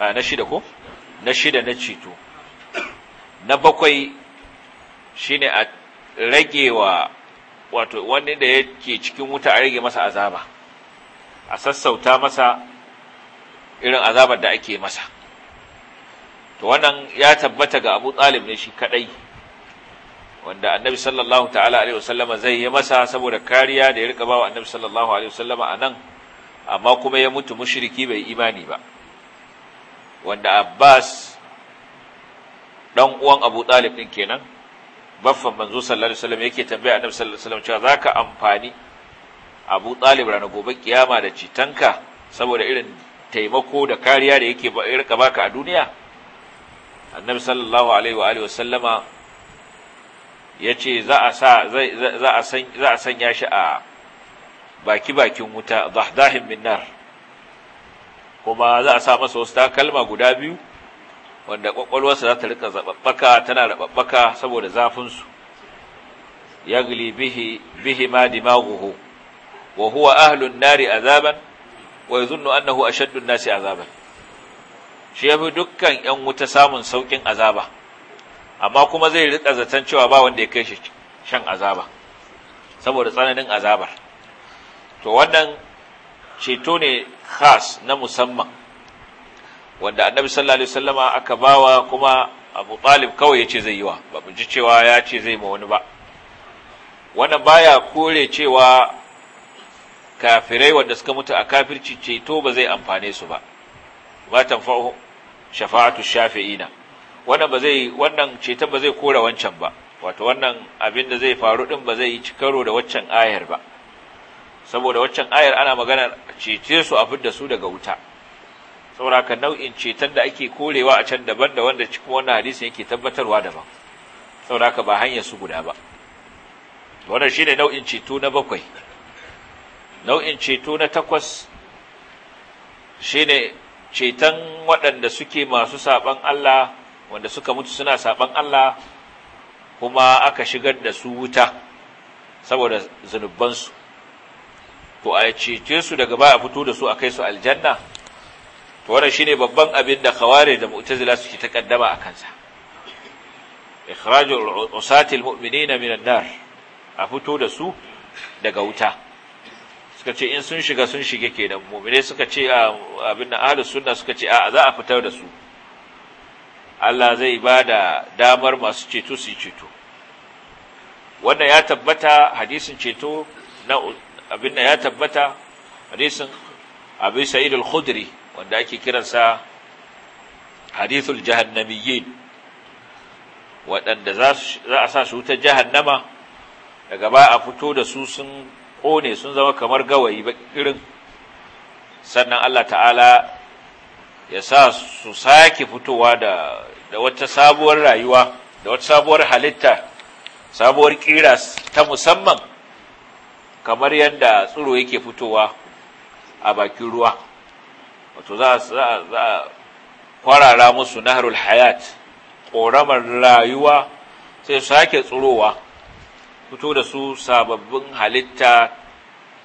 a na shida ko na shida na cito na bakwai ne a ragewa wato wani da yake cikin wuta a rage masa azaba a sassauta masa irin azabar da ake masa to wannan ya tabbata ga Abu Talib ne shi kadai wanda Annabi sallallahu ta'ala alaihi wasallama zai yi masa saboda kariya da ya rika bawa Annabi sallallahu alaihi wasallama anan amma kuma ya mutu mushriki bai imani ba wanda Abbas dan uwan Abu Talib din kenan baffan manzo sallallahu alaihi wasallam yake tambaya Annabi sallallahu alaihi wasallam cewa zaka amfani Abu Talib ranar gobe kiyama da citanka saboda irin taimako da kariya da yake rika baka a duniya annabi sallallahu alaihi wa alihi wasallama yace za a za a sanya shi a baki bakin wuta dahdahin minnar kuma za a sa masa wasu takalma guda biyu wanda kwakwalwarsa za ta rika zaɓaɓɓaka tana raɓaɓɓaka saboda zafin su yagli bihi bihi ma dimaghuhu wa huwa ahlun nari azaban wa yadhunnu annahu a shaddun nasi azaban shi ya fi dukkan ‘yan wuta samun sauƙin azaba amma kuma zai riƙa zaton cewa ba wanda ya kai shi shan azaba saboda tsananin azabar to wannan ceto ne khas na musamman wanda annabi sallallahu alaihi wasallama aka bawa kuma abu ɗalib kawai ya ce zai yi wa ba mu ji cewa ya ce zai ma wani ba wannan baya kore cewa kafirai wanda suka mutu a kafirci ceto ba zai amfane su ba la tanfa'u shafa'atu shafi'ina wannan ba zai wannan ceton ba zai kora wancan ba wato wannan abin da zai faru din ba zai yi karo da waccan ayar ba saboda waccan ayar ana magana cece su a fidda su daga wuta saboda ka nau'in ceton da ake korewa a can daban da wanda cikin wannan hadisin yake tabbatarwa daban saboda ka ba hanyar su guda ba wannan shine nau'in ceto na bakwai nau'in ceto na takwas shine ceton waɗanda suke masu saɓan Allah wanda suka mutu suna saɓan Allah kuma aka shigar da su wuta saboda zunubansu to a cece su daga ba a fito da su a kai su aljanna to wannan shine babban abin da khawari da mu'tazila suke ta kaddama a kansa ikhrajul usati almu'minina minan nar a fito da su daga wuta suka ce in sun shiga sun shige kenan mu'mine suka ce ah, abin da ahlus sunna suka ce a za a fitar da su Allah zai ba da damar masu ceto su ceto wannan ya tabbata hadisin ceto na abin da ya tabbata hadisin Abi Sa'id al-Khudri wanda ake kiransa hadithul jahannamiyyin waɗanda za a sa su ta jahannama daga ba a fito da su sun ƙone sun zama kamar gawayi irin sannan Allah ta'ala ya sa su sake fitowa da da wata sabuwar rayuwa da wata sabuwar halitta sabuwar ƙira ta musamman kamar yadda tsiro yake fitowa a bakin ruwa wato za a kwarara musu nahrul hayat ƙoramar rayuwa sai su sake tsirowa fito da su sababbin halitta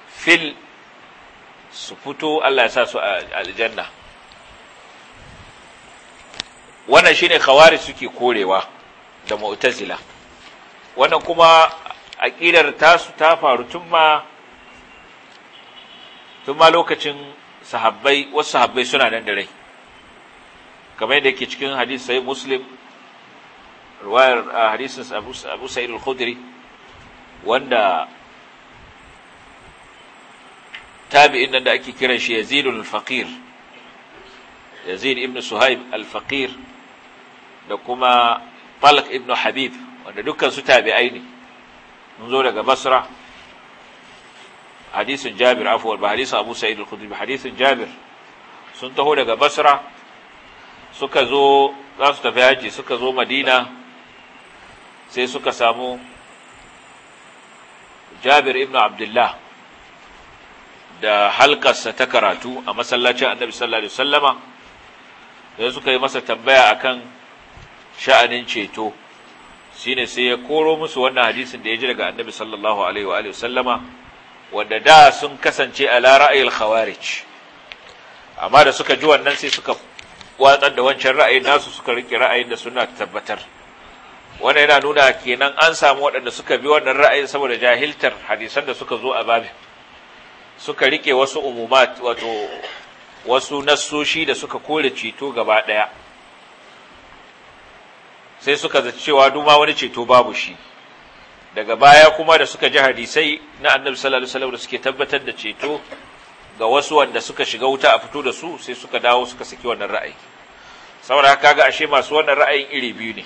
fil su fito Allah ya sa su a aljanna wannan shine khawarij suke korewa da mu'tazila wannan kuma aqidar tasu ta faru tun ma tun ma lokacin sahabbai wasu sahabbai suna nan da rai kamar yadda yake cikin hadisi sai muslim ruwayar ah, hadisin abu sa'id al-khudri wanda tabi'in nan da ake kiran shi Yazid al-Faqir Yazid ibn Suhaib al-Faqir da kuma Talq ibn Habib wanda dukkan su tabi'ai ne mun zo daga Basra hadisin Jabir afuwar ba hadisin Abu Sa'id al-Khudri hadisin Jabir sun taho daga Basra suka zo za su tafi haji suka zo Madina sai suka samu jabir ibn abdullah da halkarsa ta karatu a masallacin annabi sallallahu alaihi wasallama sai suka yi masa tambaya akan sha'anin ceto shine sai ya koro musu wannan hadisin da ya ji daga annabi sallallahu alaihi wa sallama, wanda da sun kasance a la ra'ayil khawarij amma da suka ji wannan sai suka watsar da wancan ra'ayin nasu suka rike ra'ayin da suna tabbatar wannan yana nuna kenan an samu waɗanda suka bi wannan ra'ayin saboda jahiltar hadisan da suka zo a babin suka rike wasu umumat wato wasu nassoshi da suka kore ceto gaba ɗaya sai suka zaci cewa duma wani ceto babu shi daga baya kuma da suka ji hadisai na annabi sallallahu alaihi wasallam da suke tabbatar da ceto ga wasu wanda suka shiga wuta a fito da su sai suka dawo suka saki wannan ra'ayi saboda haka ga ashe masu wannan ra'ayin iri biyu ne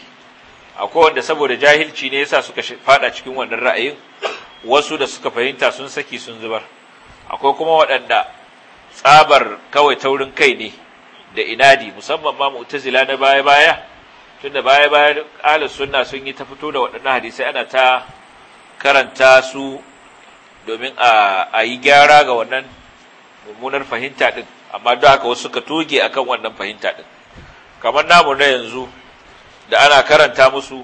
akwai wanda saboda jahilci ne yasa suka fada cikin wannan ra'ayin wasu da suka fahimta sun saki sun zubar akwai kuma waɗanda tsabar kawai taurin kai ne da inadi musamman ma mu'tazila na baya-baya tunda baya-baya ahlus sunna sun yi ta fito da waɗannan hadisai ana ta karanta su domin a yi gyara ga wannan mummunar fahimta din amma duk aka wasu ka toge akan wannan fahimta din kamar namu na yanzu da ana karanta musu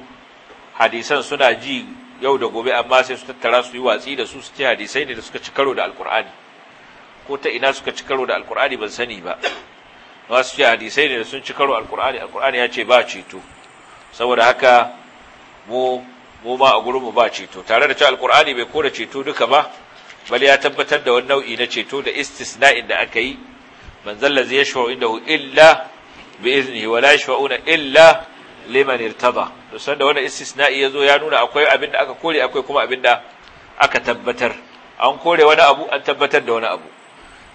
hadisan suna ji yau da gobe amma sai su tattara su yi watsi da su su ci hadisai ne da suka ci karo da alkur'ani ko ta ina suka ci karo da alkur'ani ban sani ba ba su ci hadisai ne da sun ci karo alkur'ani alkur'ani ya ce ba ceto saboda haka mu mu ma a gurin mu ba ceto tare da cewa alkur'ani bai kora ceto duka ba bal ya tabbatar da wani nau'i na ceto da istisna'in da aka yi man zai shawo inda illa bi iznihi wala yashfa'una illa liman irtaba to sanda wannan istisna'i yazo ya nuna akwai abin da aka kore akwai kuma abin aka tabbatar an kore wani abu an tabbatar da wani abu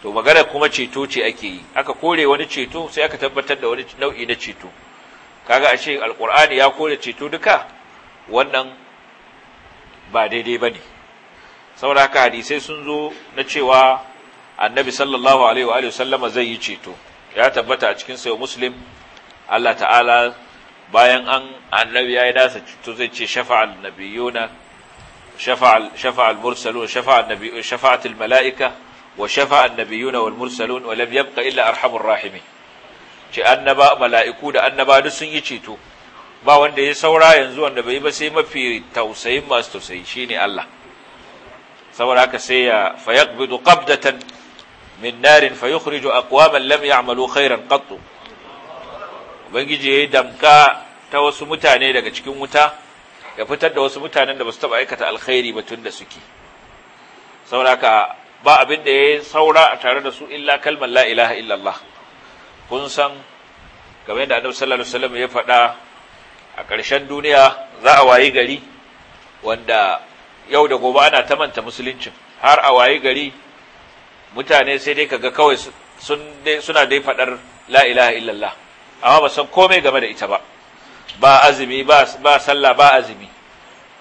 to magana kuma ceto ce ake yi aka kore wani ceto sai aka tabbatar da wani nau'i na ceto kaga ashe alqur'ani ya kore ceto duka wannan ba daidai bane saboda haka hadisai sun zo na cewa annabi sallallahu alaihi wa sallama zai yi ceto ya tabbata a cikin sayo muslim Allah ta'ala bayan an annabi yayi nasa to zai ce shafa'al nabiyuna shafa'al shafa'al mursalun shafa'al nabiyyu shafa'atul mala'ika wa shafa'al nabiyuna wal mursalun wa lam yabqa illa arhamur rahimin ce annaba mala'iku da annaba duk sun yi ceto ba wanda ya saura yanzu wanda bai ba sai mafi tausayin masu tausayi shine Allah saboda haka sai ya fayaqbidu qabdatan min narin fayukhriju aqwaman lam ya'malu khairan qattu ubangiji yayi damka ta wasu mutane daga cikin wuta ya fitar da wasu mutanen da ba su taba aikata alkhairi ba tun da suke sauraka ba abin da ya saura a tare da su illa kalmar la ilaha illallah kun san game da annabi sallallahu alaihi wasallam ya faɗa a ƙarshen duniya za a wayi gari wanda yau da gobe ana ta manta musuluncin har a wayi gari mutane sai dai kaga kawai sun suna dai faɗar la ilaha illallah amma ba san komai game da ita ba ba azumi ba sallah ba azumi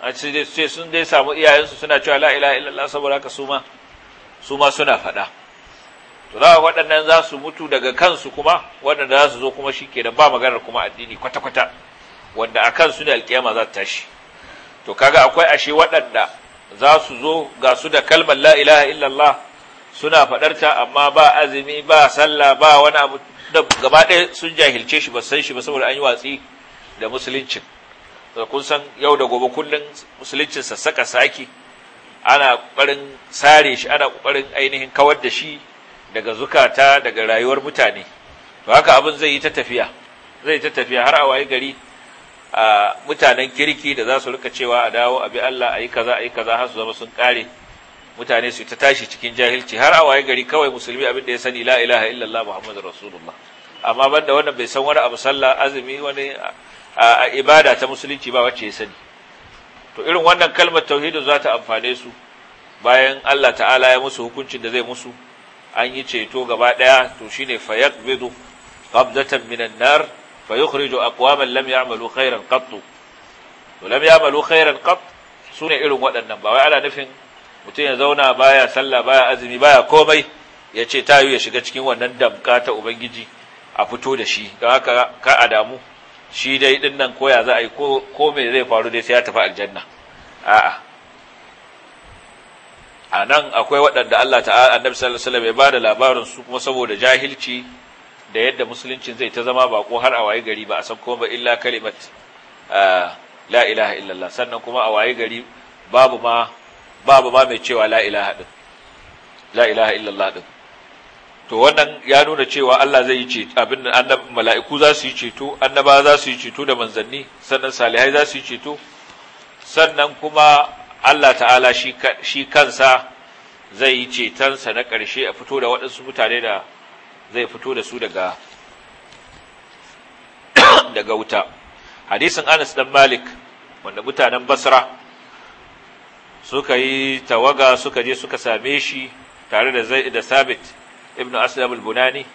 an ce sai sun dai samu iyayensu suna cewa la ilaha illallah saboda ka suma ma suna fada to za waɗannan za su mutu daga kansu kuma waɗanda za su zo kuma shi da ba maganar kuma addini kwata-kwata wanda a kansu ne alƙiyama za ta tashi to kaga akwai ashe waɗanda za su zo ga su da kalmar la ilaha illallah suna faɗarta amma ba azumi ba sallah ba wani abu gaba ɗaya sun jahilce shi ba san shi ba saboda an yi watsi da musuluncin kun san yau da gobe kullum musuluncin sassaka sake ana ƙoƙarin sare shi ana ƙoƙarin ainihin kawar da shi daga zukata daga rayuwar mutane to haka abin zai yi ta tafiya zai ta tafiya har a waye gari a mutanen kirki da za su rika cewa a dawo abi Allah ayi kaza ayi kaza har su zama sun kare mutane su ta tashi cikin jahilci har a waye gari kawai musulmi abin da ya sani la ilaha illallah muhammadur rasulullah amma banda wannan bai san wani abu sallah azumi wani a ibada ta musulunci ba wacce ya sani to irin wannan kalmar Tauhidu za ta amfane su bayan Allah ta'ala ya musu hukuncin da zai musu an yi ceto gaba daya to shine bidu qabdatan minan nar fayukhriju aqwaman lam ya'malu khairan qat to lam ya'malu khairan qat sune irin waɗannan ba wai ana nufin mutum ya zauna baya sallah baya azumi baya komai ya ce tayu ya shiga cikin wannan damka ta ubangiji a fito da shi don haka ka a damu shi dai din nan koya za a yi ko me zai faru dai sai ya tafi aljanna a'a a nan akwai waɗanda Allah ta'ala annabi sallallahu alaihi wasallam ya bada labarin su kuma saboda jahilci da yadda musuluncin zai ta zama bako har a waye gari ba a san kuma ba illa kalimat la ilaha illallah sannan kuma a waye gari babu ma babu ma mai cewa la ilaha din la ilaha illallah din to wannan ya nuna cewa Allah zai yi ceto abin annabi mala'iku za su yi ceto annaba za su yi ceto da manzanni sannan salihai za su yi ceto sannan kuma Allah ta'ala shi kansa zai yi cetonsa na ƙarshe a fito da waɗansu mutane da zai fito da su daga daga wuta hadisin Anas dan Malik wanda mutanen Basra suka yi tawaga suka je suka same shi tare da da Sabit ibnu aslam al-bunani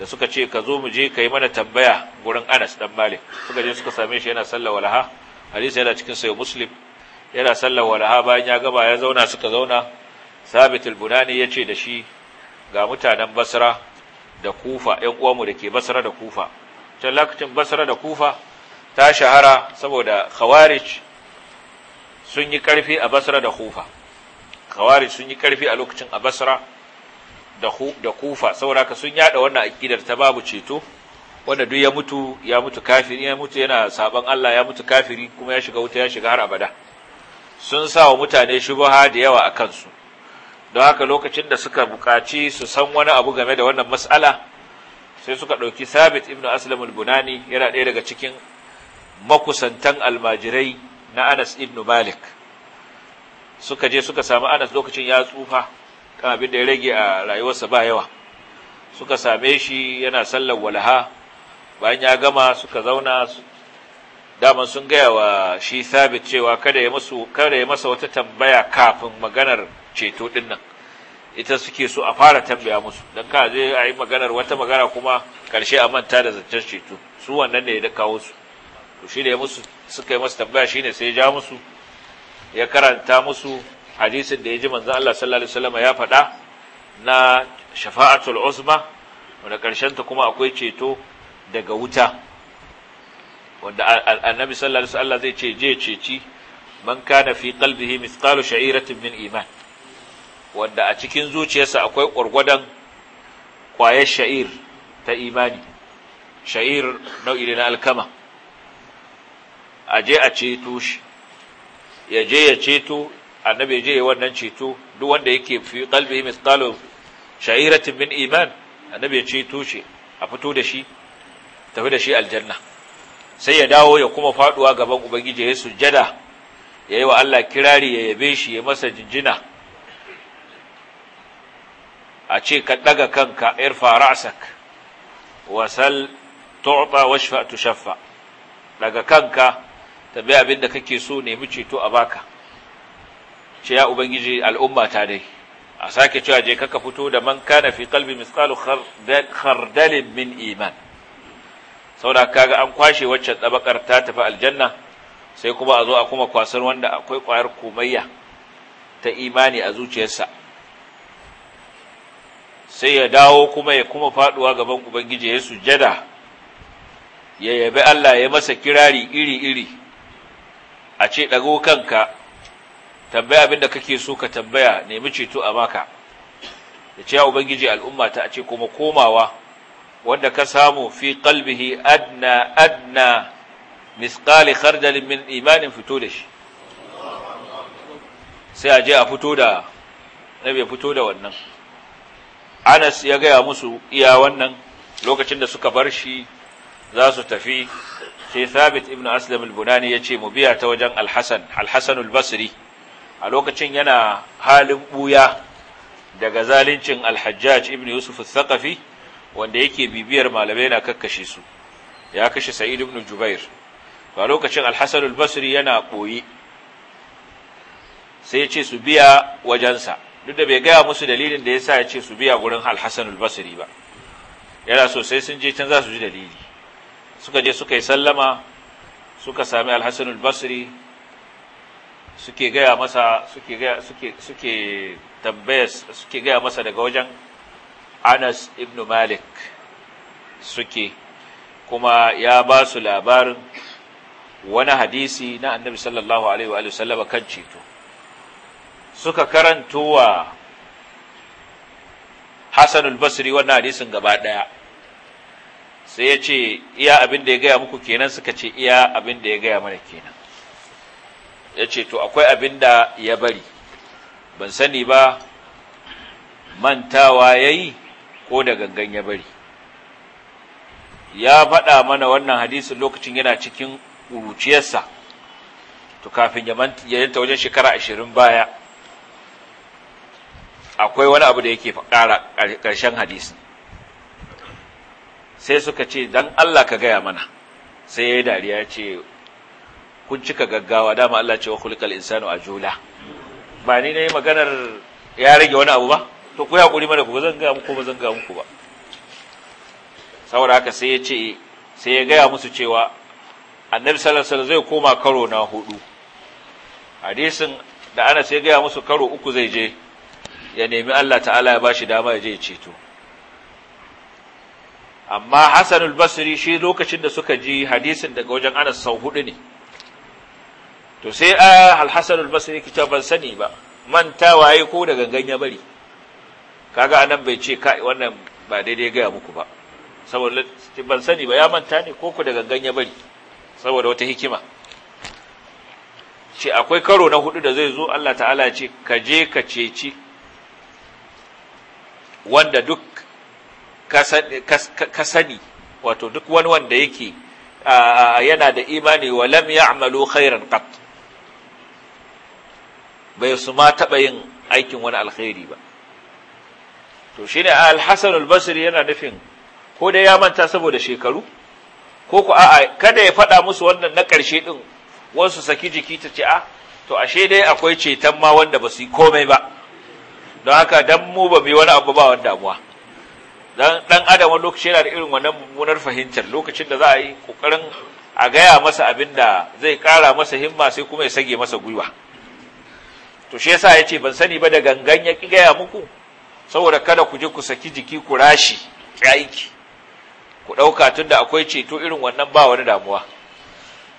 da suka ce ka zo mu je ka yi mana tambaya gurin anas dan malik suka je suka same shi yana sallah walaha hadisi yana cikin sayo muslim yana sallah walaha bayan ya gaba ya zauna suka zauna sabit al-bunani ya da shi ga mutanen basra da kufa ‘yan uwanmu da ke basra da kufa can lokacin basra da kufa ta shahara saboda khawarij sun yi karfi a basra da kufa khawarij sun yi ƙarfi a lokacin a basra da kufa saboda ka sun yada wannan akidar ta babu ceto wanda duk ya mutu ya mutu kafiri ya mutu yana saban Allah ya mutu kafiri kuma ya shiga wuta ya shiga har abada sun sa wa mutane shubha da yawa a kansu don haka lokacin da suka buƙaci su san wani abu game da wannan mas'ala sai suka ɗauki sabit Ibnu aslam al-bunani yana ɗaya daga cikin makusantan almajirai na anas ibn malik suka je suka samu anas lokacin ya tsufa kan abin da ya rage a rayuwarsa ba yawa suka same shi yana sallar walaha bayan ya gama suka zauna daman sun gaya wa shi sabit cewa kada ya masa wata tambaya kafin maganar ceto dinnan, ita suke so a fara tambaya musu dan ka je a yi maganar wata magana kuma karshe a manta da zancen ceto su wannan ne da kawo su to shi ya musu suka yi masa tambaya shine sai ya ja musu ya karanta musu hadisin da ya ji manzan Allah sallallahu alaihi wasallam ya faɗa na shafa'atul uzma wanda ta kuma akwai ceto daga wuta wanda annabi sallallahu alaihi wasallam zai ce je ceci man kana fi qalbihi mithqalu sha'iratin min iman wanda a cikin zuciyarsa akwai ƙwargwadon ƙwayar sha'ir ta imani sha'ir nau'i na alkama a je a ceto shi ya je ya ceto annabi je wannan ceto duk wanda yake fi qalbihi mithqalu sha'iratin min iman annabi ya ceto shi a fito da shi tafi da shi aljanna sai ya dawo ya kuma faduwa gaban ubangiji ya sujjada yayi wa Allah kirari ya yabe shi ya masa jinjina a ce ka daga kanka irfa ra'sak wasal tu'ta washfa tushaffa daga kanka tabi abin da kake so nemi ceto a baka ce ya ubangiji al'umma ta dai a sake cewa je kaka fito da man kana fi qalbi mithqalu kardalin min iman saboda kaga an kwashe waccan tsabakar ta tafi aljanna sai kuma a zo a kuma kwasar wanda akwai kwayar komayya ta imani a zuciyarsa sai ya dawo kuma ya kuma faduwa gaban ubangiji ya sujada ya yabi Allah ya masa kirari iri-iri a ce ɗago kanka tambaya abin da kake so ka tambaya nemi ceto a maka da a ubangiji al'umma ta ce kuma komawa wanda ka samu fi kalbihi adna adna misqali khardalin min imanin fito da shi sai a je a fito da nabi fito da wannan Anas ya gaya musu iya wannan lokacin da suka bar shi za su tafi sai Thabit ibn Aslam al-Bunani ya ce mu biya ta wajen Al-Hasan Al-Hasan al-Basri al hasan al basri al basri a lokacin yana halin buya daga zalincin alhajjaj ibn yusuf al-thaqafi wanda yake bibiyar malamai na kakkashe su ya kashe sa'id ibn jubair a lokacin al al-basri yana koyi sai ya ce su biya wajensa duk da bai gaya musu dalilin da yasa ya ce su biya gurin al al-basri ba yana so sai sun je can za su ji dalili suka je suka yi sallama suka sami al al-basri suke gaya masa suke gaya suke suke suke gaya masa daga wajen Anas ibn Malik suke kuma ya ba su labarin wani hadisi na Annabi sallallahu alaihi wa sallama kan ceto suka karantowa wa Hassan al-Basri wannan hadisin gaba daya sai ya ce iya abin da ya gaya muku kenan suka ce iya abin da ya gaya mana kenan ya ce to akwai abin da ya bari ban sani ba mantawa ya yi ko da gangan ya bari ya faɗa mana wannan hadisin lokacin yana cikin ƙuruciyarsa to kafin ya yanta wajen shekara ashirin baya akwai wani abu da yake ƙara ƙarshen hadisun sai suka ce don Allah ka gaya mana sai ya yi dariya ce kun cika gaggawa dama Allah ce wa khuliqal insanu ajula ba ni ne maganar ya rage wani abu ba to ku hakuri mana ku zan ga muku ba zan ga muku ba saboda haka sai ya ce sai ya gaya musu cewa annabi sallallahu alaihi wasallam zai koma karo na hudu hadisin da ana sai gaya musu karo uku zai je ya nemi Allah ta'ala ya bashi dama ya je ya ceto amma Hassan al-Basri shi lokacin da suka ji hadisin daga wajen Anas sau hudu ne to sai a ah, alhassan albasri ki ban sani ba manta waye ko da gangan ya bari kaga anan bai ce kai wannan ba daidai gaya muku ba saboda ban sani ba ya manta ne ko ku da gangan ya bari saboda wata hikima ce akwai karo na hudu da zai zo Allah ta'ala ce ka je ka ceci wanda duk ka sani wato duk wani wanda yake yana da imani wa lam ya'malu khairan qat bai su ma taɓa yin aikin wani alkhairi ba to shi ne alhassan albasiri yana nufin ko dai ya manta saboda shekaru ko ku a'a kada ya faɗa musu wannan na ƙarshe ɗin wasu saki jiki ta ce a to ashe dai akwai ceton ma wanda ba su yi komai ba don haka dan mu ba mu yi wani abu ba wani damuwa dan dan adam wani lokaci yana da irin wannan mummunar fahimtar lokacin da za a yi kokarin a gaya masa abin da zai ƙara masa himma sai kuma ya sage masa gwiwa to shi yasa yace ban sani ba da gangan ya gaya muku saboda kada ku je ku saki jiki ku rashi ki ku dauka tunda akwai ceto irin wannan ba wani damuwa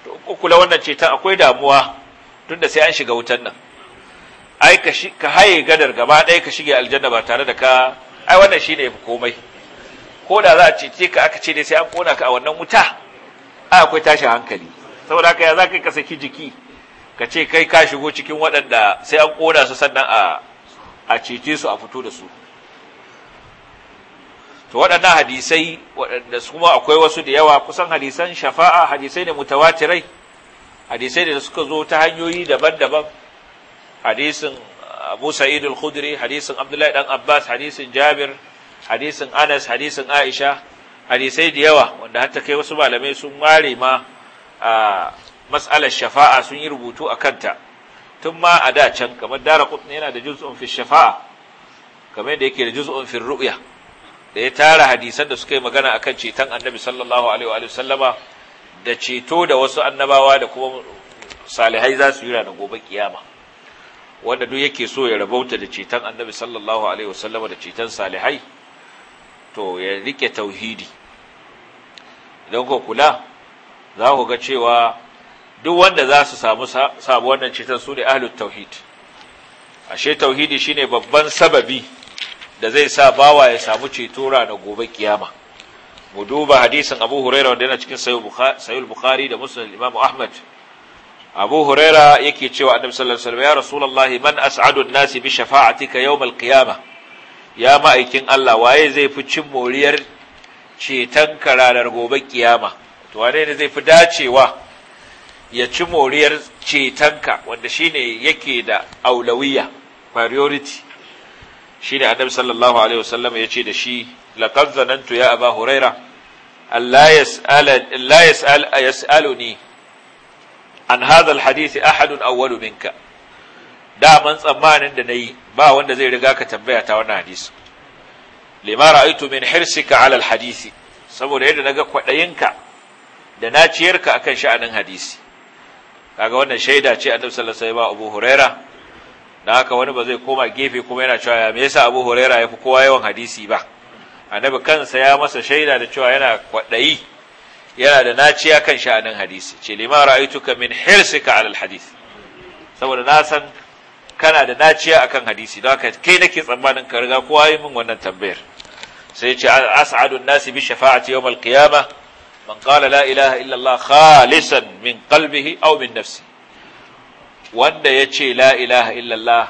to ku kula wannan ceton akwai damuwa tunda sai an shiga wutan nan ai ka ka haye gadar gaba ɗaya ka shige aljanna ba tare da ka ai wannan shine yafi komai ko da za a cece ka aka ce dai sai an kona ka a wannan wuta ai akwai tashin hankali saboda haka ya za ka saki jiki ka ce kai ka shigo cikin waɗanda sai an ƙona su sannan a a cece su a fito da su to waɗannan hadisai waɗanda kuma akwai wasu da yawa kusan hadisan shafa'a hadisai ne mutawatirai hadisai da suka zo ta hanyoyi daban-daban hadisin Abu Sa'id al-Khudri hadisin Abdullahi dan Abbas hadisin Jabir hadisin Anas hadisin Aisha hadisai da yawa wanda hatta kai wasu malamai sun ware ma a mas'alar shafa'a sun yi rubutu a kanta tun ma a da can kamar dara kutni yana da juz'un fi shafa'a kamar yadda yake da juz'un fi ru'ya da ya tara hadisan da suka yi magana akan ceton annabi sallallahu alaihi wa sallama da ceto da wasu annabawa da kuma salihai za su yi ranar gobe kiyama wanda duk yake so ya rabauta da ceton annabi sallallahu alaihi wa sallama da ceton salihai to ya rike tauhidi idan ko kula za ku ga cewa duk wanda za su samu sabu wannan ceton su ne ahlut tauhid ashe tauhidi shine babban sababi da zai sa bawa ya samu ceto ranar gobe kiyama mu duba hadisin Abu huraira wanda yana cikin sayul Bukhari da Muslim Imam Ahmad Abu Huraira yake cewa Annabi sallallahu alaihi wasallam ya Rasulullahi man as'adu an-nasi bi shafa'atika yawm al-qiyamah ya ma'aikin Allah waye zai fi cin moriyar ceton ranar gobe kiyama to wane ne zai fi dacewa ya ci moriyar cetonka wanda shine yake da aulawiya priority shine annabi sallallahu alaihi wasallam ya ce da shi laqad zanantu ya aba huraira alla yas'ala la yas'al yas'aluni an hadha alhadith ahad awwalu minka da man tsammanin da nayi ba wanda zai riga ka tambaya ta wannan hadisi lima ra'aytu min hirsika ala hadisi. saboda yadda naga kwadayinka da na ciyarka akan sha'anin hadisi kaga wannan shaida ce annabi sallallahu alaihi wasallam Abu Huraira dan haka wani ba zai koma gefe kuma yana cewa ya me yasa Abu Huraira yafi kowa yawan hadisi ba annabi kansa ya masa shaida da cewa yana kwadayi yana da naciya kan sha'anin hadisi ce lima ra'aytuka min hirsika alal hadith saboda na san kana da naciya akan hadisi don haka kai nake tsammanin ka riga kowa yi min wannan tambayar sai ce as'adun nasi bi shafa'ati yawm alqiyamah man qala la ilaha illallah khalisan min qalbihi au min nafsi wanda ya ce ilaha illallah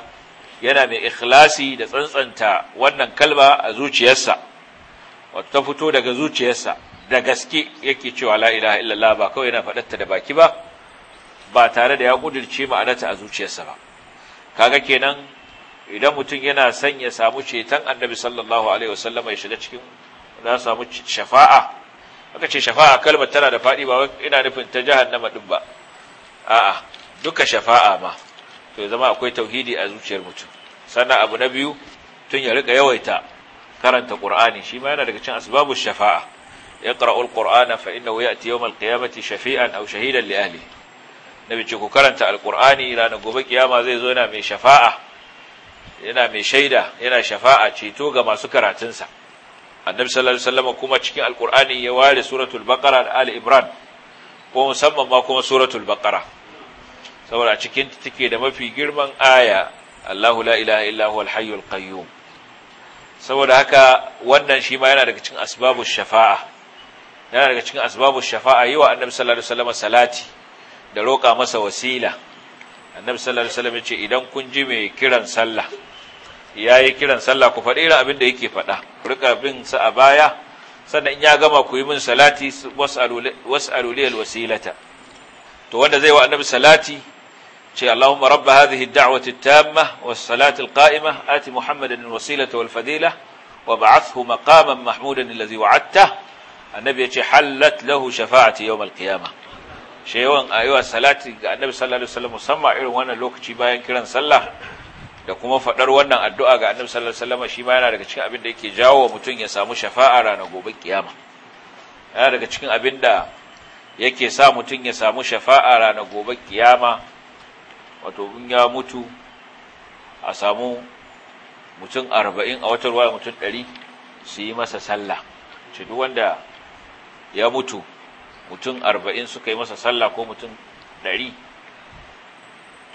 yana mai ikhlasi da tsantsanta wannan kalma a zuciyarsa wato ta fito daga zuciyarsa da gaske yake cewa la ilaha illallah ba kawai yana faɗarta da baki ba ba tare da ya kudirce ma'anarta a zuciyarsa ba kaga kenan idan mutum yana son ya samu ceton annabi sallallahu alaihi wasallam ya shiga cikin na samu shafa'a aka ce shafa'a kalmar tana da faɗi ba ina nufin ta jahannama ɗin ba a'a duka shafa'a ma to zama akwai tauhidi a zuciyar mutum sannan abu na biyu tun ya rika yawaita karanta qur'ani shi ma yana daga cikin asbabu shafa'a yaqra'ul qur'ana fa innahu ya'ti yawm al shafi'an aw shahidan li ahli nabi ce ku karanta al rana ranar gobe kiyama zai zo yana mai shafa'a yana mai shaida yana shafa'a ceto ga masu karatunsa annabi sallallahu alaihi wasallam kuma cikin alqur'ani ya ware suratul baqara da ali imran ko musamman ma kuma suratul baqara saboda cikin take da mafi girman aya Allahu la ilaha illa huwal hayyul qayyum saboda haka wannan shi ma yana daga cikin asbabu shafa'a yana daga cikin asbabu shafa'a yi wa annabi sallallahu alaihi wasallam salati da roƙa masa wasila annabi sallallahu alaihi wasallam ya ce idan kun ji mai kiran sallah ya yi kiran sallah ku faɗi abin da yake faɗa rika bin sa a baya sannan in ya gama ku yi min salati was'alu liyal wasilata to wanda zai wa annabi salati ce Allahumma rabba hadhihi dawati at-tamma was-salati al ati Muhammadan al-wasilata wal-fadila wa ba'athu maqaman mahmudan alladhi wa'adta annabi yace hallat lahu shafa'ati yawm al-qiyamah shewan ayuwa salati ga annabi sallallahu alaihi wasallam musamman irin wannan lokaci bayan kiran sallah da kuma faɗar wannan addu'a ga annabi sallallahu alaihi wasallam shi ma yana daga cikin abin da yake jawo mutum ya samu shafa'a ranar gobe kiyama yana daga cikin abin da yake sa mutum ya samu shafa'a ranar gobe kiyama wato in ya mutu a samu mutum arba'in a wata ruwa mutum ɗari su yi masa sallah ce duk wanda ya mutu mutum arba'in suka yi masa sallah ko mutum ɗari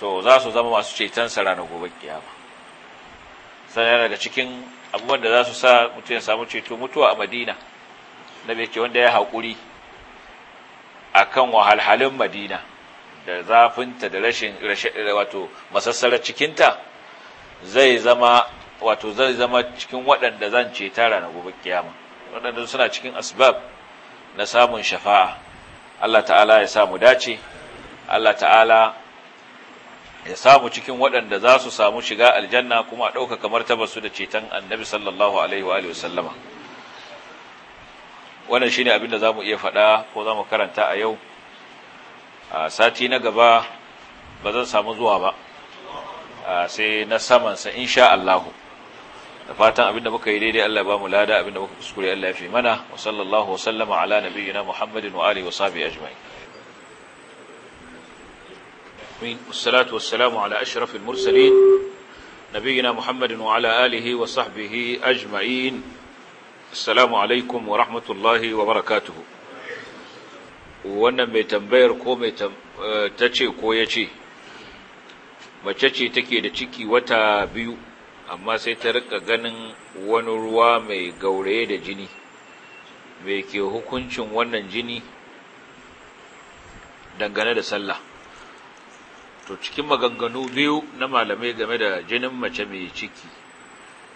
to za su zama masu cetonsa ranar gobe kiyama yana daga cikin abubuwan da za su sa mutum ya samu ceto mutuwa a madina na bai wanda ya haƙuri a kan wahalhalin madina da zafinta da rashin wato masassarar cikinta zai zama wato zai zama cikin waɗanda zan ceta ranar gobe kiyama waɗanda suna cikin asbab na samun shafa'a Allah ta'ala ya samu dace Allah ta'ala ya samu cikin waɗanda za su samu shiga aljanna kuma a ɗaukaka su da ceton annabi sallallahu alaihi wa sallama wannan shine abin da za mu iya faɗa ko za mu karanta a yau a sati na gaba ba zan samu zuwa ba sai na samansa insha Allahu da fatan abinda muka yi daidai Allah ba mu lada abinda da muka kuskure Allah ya fi mana wa sallallahu wa sallama ala nabiyyina Muhammadin wa alihi wa sahbihi ajma'in العالمين والصلاة والسلام على أشرف المرسلين نبينا محمد وعلى آله وصحبه أجمعين السلام عليكم ورحمة الله وبركاته wannan mai tambayar ko mai ta ce ko ya ce mace ce take da ciki wata biyu amma sai ta rika ganin wani ruwa mai gauraye da jini mai ke hukuncin wannan jini dangane da sallah to cikin maganganu biyu na malamai game da jinin mace mai ciki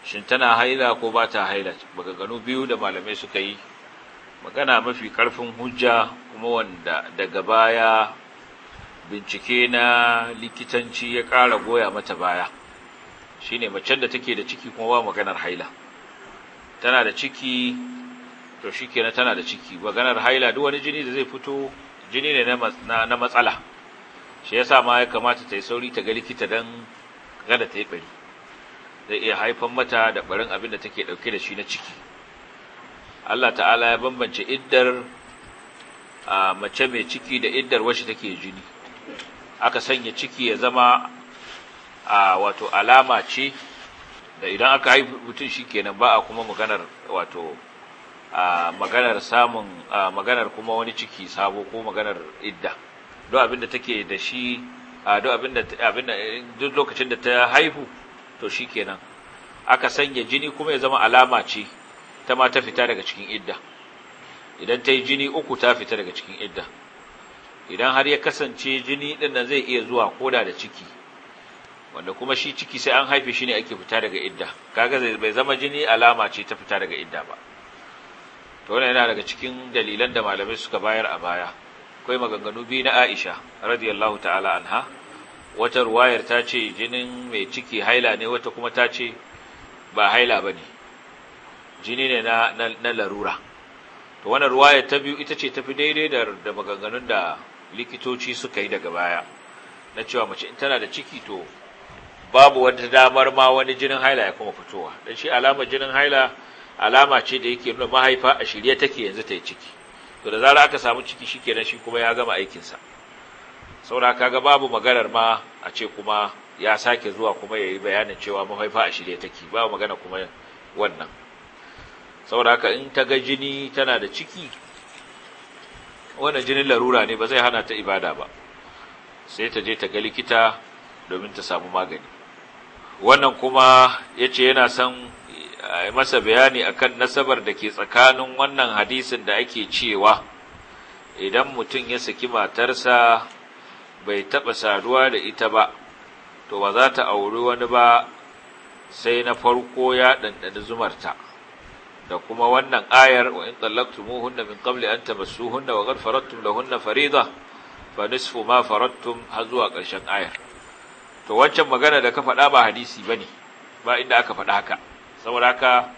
shin tana haila ko ba ta haila maganganu biyu da malamai suka yi magana mafi karfin hujja kuma wanda daga baya bincike na likitanci ya ƙara goya mata baya shine macen da take da ciki kuma ba maganar haila tana da ciki to shi tana da ciki maganar haila duk wani jini da zai fito jini ne na matsala shi yasa ma ya kamata ta yi sauri ta ga likita don gada ta yi bari zai iya haifan mata da barin abin da take ɗauke da shi na ciki Allah ta'ala ya bambance iddar a mace mai ciki da iddar wacce take jini aka sanya ciki ya zama a wato alama ce da idan aka haifi mutum kenan ba a kuma maganar wato a maganar samun maganar kuma wani ciki sabo ko maganar idda duk abin da take da shi a duk abin da abin da duk lokacin da ta haihu to shi shikenan aka sanya jini kuma ya zama alama ce ta ma ta fita daga cikin idda idan ta yi jini uku ta fita daga cikin idda idan har ya kasance jini din nan zai iya zuwa koda da ciki wanda kuma shi ciki sai an haife shi ne ake fita daga idda kaga bai zama jini alama ce ta fita daga idda ba to wannan yana daga cikin dalilan da malamai suka bayar a baya akwai maganganu biyu na Aisha radiyallahu ta'ala anha wata ruwayar ta ce jinin mai ciki haila ne wata kuma ta ce ba haila ba ne jini ne na, na, na larura to wannan ruwayar ta biyu ita ce tafi daidai da, da maganganun da likitoci suka yi daga baya na cewa mace in tana da ciki to babu wata damar ma wani jinin haila ya kuma fitowa don shi alamar jinin haila alama ce da yake nuna mahaifa a shirye take yanzu ta yi ciki to da zarar aka samu ciki shi shikenan shi kuma ya gama aikinsa saura kaga babu maganar ma a ce kuma ya sake zuwa kuma ya yi bayanin cewa mahaifa a shirye take babu magana kuma wannan saboda haka in ta ga jini tana da ciki wannan jinin larura ne ba zai hana ta ibada ba sai ta je ta ga likita domin ta samu magani wannan kuma ya ce yana son masa bayani akan nasabar da ke tsakanin wannan hadisin da ake cewa idan mutum ya saki matarsa bai taɓa saduwa da ita ba to ba za ta auri wani ba sai na farko ya ɗanɗani zumarta da kuma wannan ayar wa in tsallaktumuhunna min qabli an tamassuhunna wa qad faradtum lahunna fariida fa nisfu ma faradtum har zuwa ƙarshen ayar to wancan magana da ka faɗa ba hadisi bane ba inda aka faɗa haka saboda haka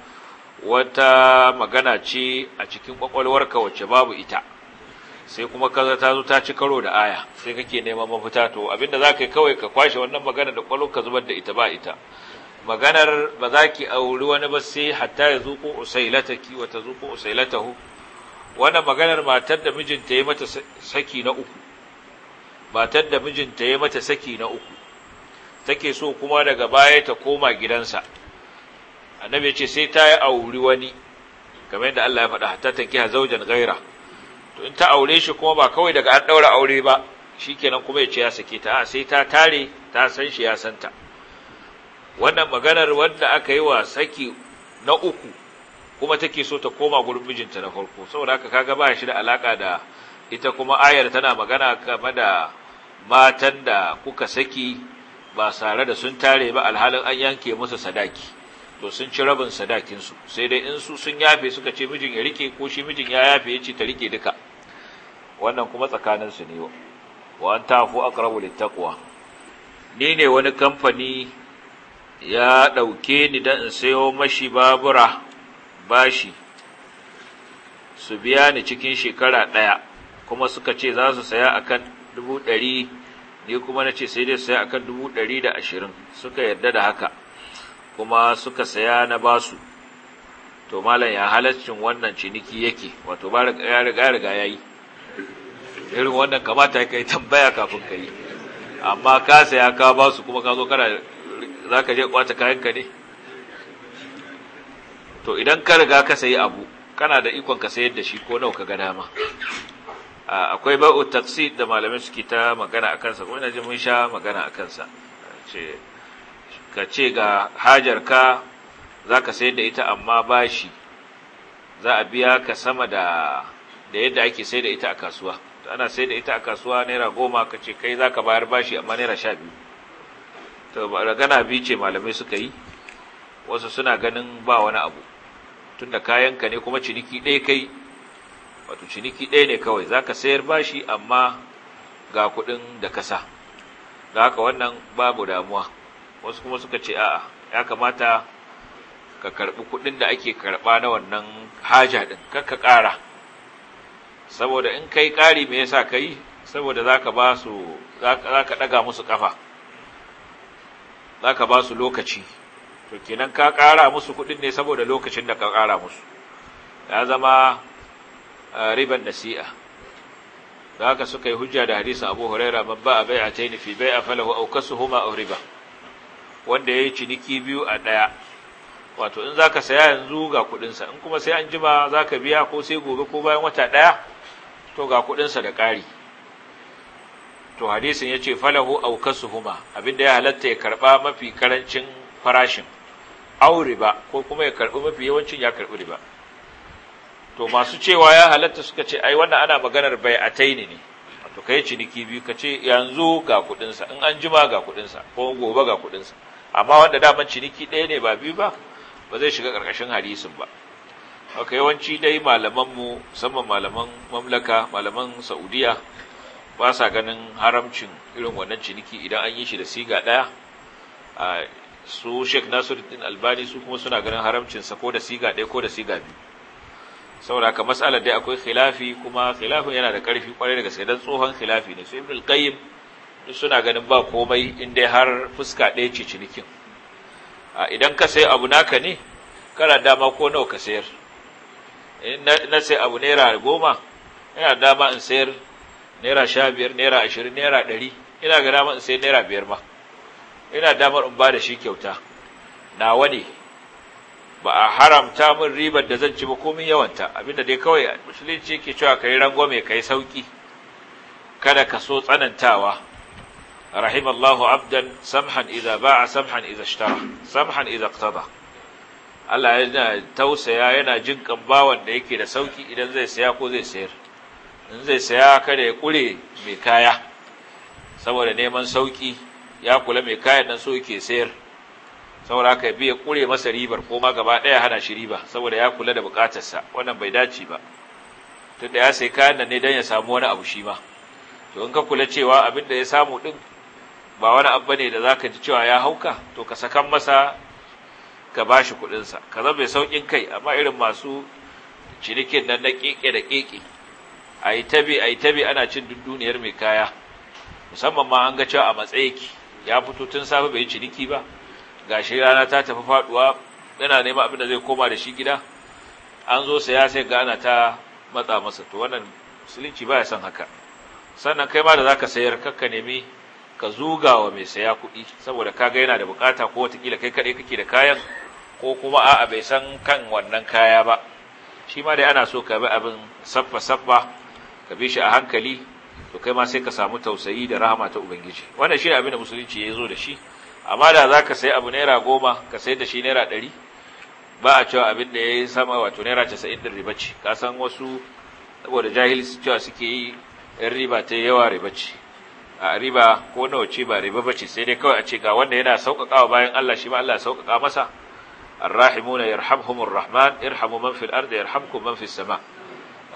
wata magana ce a cikin kwakwalwarka wacce babu ita sai kuma kaza ta zo ta ci karo da aya sai kake neman mafita to abinda za ka yi kawai ka kwashe wannan magana da kwalon ka zubar da ita ba ita maganar ba za ki auri wani ba sai hatta ya zuko usailataki wa ta zuko usailatahu wannan maganar matar da mijinta ya mata saki na uku matar da mijinta ya mata saki na uku take so kuma daga baya ta koma gidansa annabi ya ce sai ta yi auri wani game da Allah ya faɗa tanki ha zaujan gaira to in ta aure shi kuma ba kawai daga an ɗaura aure ba shi kenan kuma ya ce ya sake ta a sai ta tare ta san shi ya santa wannan maganar wanda aka yi wa saki na uku kuma take so ta koma gurin mijinta na farko saboda haka kaga ba shi da alaka da ita kuma ayar tana magana game da matan da kuka saki ba sare da sun tare ba alhalin an yanke musu sadaki to sun ci rabin sadakinsu sai dai in su sun yafe suka ce mijin ya rike ko shi mijin ya yafe ya ce ta rike duka wannan kuma tsakaninsu ne wa an tafu aqrabu littaqwa ni ne wani kamfani ya ɗauke ni don in sayo mashi babura bashi su biya ni cikin shekara ɗaya kuma suka ce za su saya akan dubu ɗari ni kuma na ce sai dai saya akan dubu ɗari da ashirin suka yarda da haka kuma suka saya na basu to malam ya halaccin wannan ciniki yake wato ba ya riga riga yayi irin wannan kamata kai tambaya kafin kai amma ka saya ka basu kuma ka zo kana zaka je kwata kayanka ne to idan ka riga ka sayi abu kana da ikon ka sayar da shi ko nawa ka ga dama akwai ba'u taqsid da malamin suke ta magana akan sa ko ina ji mun sha magana a sa ka ce ga hajarka za ka sayar da ita amma bashi za a biya ka sama da da yadda ake sayar da ita a kasuwa ana sayar da ita a kasuwa naira goma ka ce kai za ka bayar bashi amma naira sha biyu to magana biyu ce malamai suka yi wasu suna ganin ba wani abu tunda kayanka ne kuma ciniki ɗaya kai wato ciniki ɗaya ne kawai za ka sayar bashi amma ga kuɗin da kasa ga haka wannan babu damuwa wasu kuma suka ce a'a ya kamata ka karbi kudin da ake karba na wannan haja din kar ka ƙara saboda in kai ƙari me yasa kai saboda zaka ba su zaka daga musu kafa zaka ba su lokaci to kenan ka ƙara musu kudin ne saboda lokacin da ka ƙara musu ya zama eh, riban nasi'a zaka suka yi hujja da hadisi abu huraira babba bai'a bai fi bai'a falahu aw kasuhuma aw riba wanda ya yi ciniki biyu a ɗaya wato in za ka saya yanzu ga kuɗinsa in kuma sai an jima za ka biya ko sai gobe ko bayan wata ɗaya to ga kuɗinsa da ƙari to hadisin ya ce falahu aukasu huma abinda ya halatta ya karɓa mafi karancin farashin aure ba, ko kuma ya karɓi mafi yawancin ya karɓi riba to masu cewa ya halatta suka ce ai wannan ana maganar bai a Taini ne wato kai ciniki biyu ka ce yanzu ga kuɗinsa in an jima ga kuɗinsa ko gobe ga kuɗinsa amma wanda daman ciniki ɗaya ne ba biyu ba ba zai shiga ƙarƙashin hadisin ba ok yawanci dai malamanmu musamman malaman mamlaka malaman saudiya ba sa ganin haramcin irin wannan ciniki idan an yi shi da siga ɗaya a su sheik nasiruddin albani su kuma suna ganin haramcin sa ko da siga ɗaya ko da siga biyu saboda haka matsalar dai akwai khilafi kuma khilafin yana da ƙarfi ƙwarai daga gaske dan tsohon khilafi ne su ibn al suna ganin ba komai in dai har fuska ɗaya ce cinikin idan ka sai abu naka ne kana dama ko nawa ka sayar na sai abu naira goma ina dama in sayar naira sha biyar naira ashirin naira ɗari ina ga dama in sayar naira biyar ma ina damar in ba da shi kyauta nawa ne ba a haramta min ribar da zan ci ba komin yawanta abinda dai kawai musulunci ke cewa ka yi rangwame ka yi sauƙi kada ka so tsanantawa rahimallahu abdan samhan إذا باع samhan إذا اشترى samhan إذا اقتضى Allah yana tausaya yana jin bawan da yake da sauki idan zai saya ko zai sayar in zai saya kada ya kure mai kaya saboda neman sauki ya kula mai kayan nan so yake sayar saboda haka bi ya kure masa ribar ko ma gaba daya hana shi riba saboda ya kula da bukatarsa wannan bai dace ba tunda ya sai kayan nan ne dan ya samu wani abu shi ma to in ka kula cewa abin da ya samu din ba wani abu ne da ka ji cewa ya hauka to ka sakan masa ka bashi kuɗin sa ka zama mai saukin kai amma irin masu cinikin nan na keke da keke ayi tabi ayi tabi ana cin dunduniyar mai kaya musamman ma an ga cewa a matsayi ya fito tun safe bai yi ciniki ba gashi rana ta tafi faduwa yana neman abin da zai koma da shi gida an zo saya sai ga ana ta matsa masa to wannan musulunci ba ya son haka sannan kai ma da zaka sayar kakka nemi ka zuga wa mai saya kuɗi saboda kaga yana da bukata ko watakila kai kaɗai kake da kayan ko kuma a'a bai san kan wannan kaya ba shi ma dai ana so ka bi abin saffa saffa ka bi shi a hankali to kai ma sai ka samu tausayi da rahama ta ubangiji wannan shi abin da musulunci ya zo da shi amma da za ka sai abu naira goma ka sai da shi naira ɗari ba a cewa abin da ya yi sama wato naira casa'in da riba ce ka san wasu saboda jahilci cewa suke yi yan riba ta yawa riba ce a riba ko nawa ce ba riba bace sai dai kawai a ce ga wanda yana sauƙaƙawa bayan Allah shi ma Allah ya sauƙaƙa masa arrahimuna yarhamhumur rahman irhamu man fil ardi yarhamkum man fis sama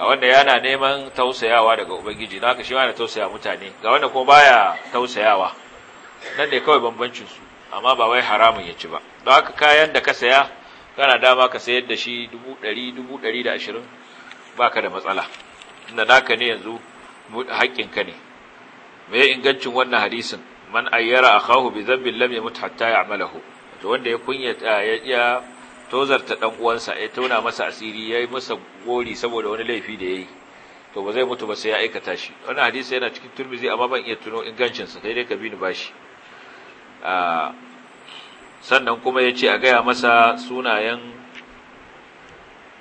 a wanda yana neman tausayawa daga ubangiji naka shi ma yana tausaya mutane ga wanda kuma baya tausayawa nan ne kawai bambancin su amma ba wai haramun ya ci ba don haka kayan da ka saya kana dama ka sayar da shi dubu ɗari dubu ɗari da ashirin baka da matsala inda naka ne yanzu haƙƙinka ne me ingancin wannan hadisin man ayyara akahu bi dhanbin lam yamut hatta ya'malahu to wanda ya kunyata ya ya tozarta dan uwansa ya tauna masa asiri yayi masa gori saboda wani laifi da yayi to ba zai mutu ba sai ya aikata shi wannan hadisi yana cikin turmizi amma ban iya tuno ingancin sa sai dai ka bi ni a ah, sannan kuma yace a gaya masa sunayen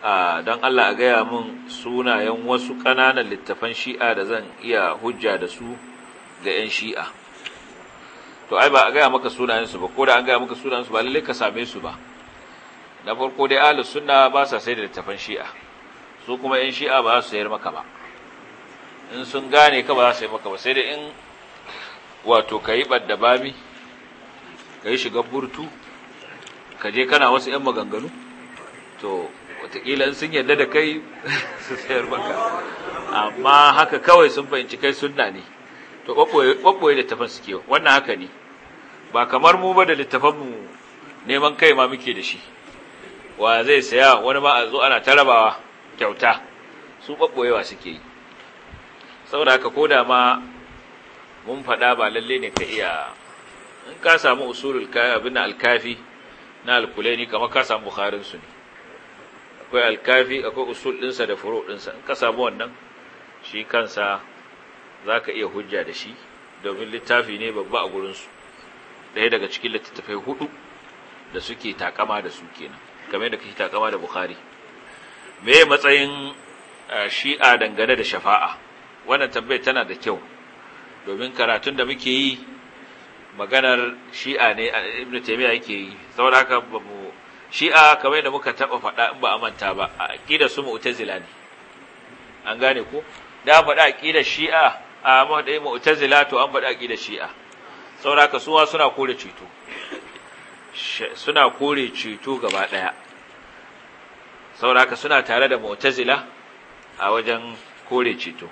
ah, don Allah a gaya min sunayen wasu ƙananan littafan shi'a da zan iya hujja da su da 'yan shi'a to ai ba a gaya maka sunayensu ba ko da an gaya maka sunayensu ba lalle ka same su ba na farko dai ahlus sunna ba sa sai da littafan shi'a su kuma 'yan shi'a ba su sayar maka ba in sun gane ka ba za su yi maka ba sai da in wato ka yi ɓadda bami ka yi shiga burtu ka je kana wasu 'yan maganganu to watakila sun yarda da kai su sayar maka amma haka kawai sun fahimci kai sunna ne to ɓaɓɓoye littafan suke wannan haka ne ba kamar mu ba da mu neman kai ma muke da shi wa zai saya wani ma a zo ana tarabawa kyauta su ɓaɓɓoyewa suke yi saboda haka ko da ma mun faɗa ba lalle ne ka iya in ka samu usulul abin alkafi na alkulaini kamar ka samu bukharinsu ne akwai alkafi akwai usul ɗinsa da furo ɗinsa in ka samu wannan shi kansa za ka iya hujja da shi domin littafi ne babba a gurinsu ɗaya daga cikin littattafai hudu da suke takama da su kenan game da kake takama da bukhari me matsayin shi'a dangane da shafa'a wannan tambayar tana da kyau domin karatun da muke yi maganar shi'a ne ibnu taymiya yake yi saboda haka ba mu shi'a kamar da muka taba faɗa in ba a manta ba aqida su mu'tazila ne an gane ko da faɗa aqida shi'a a mahadai mu'tazila to an baɗaki da shi'a sauraka suwa suna kore cito suna kore cito gaba ɗaya sauraka suna tare da mu'tazila a wajen kore ceto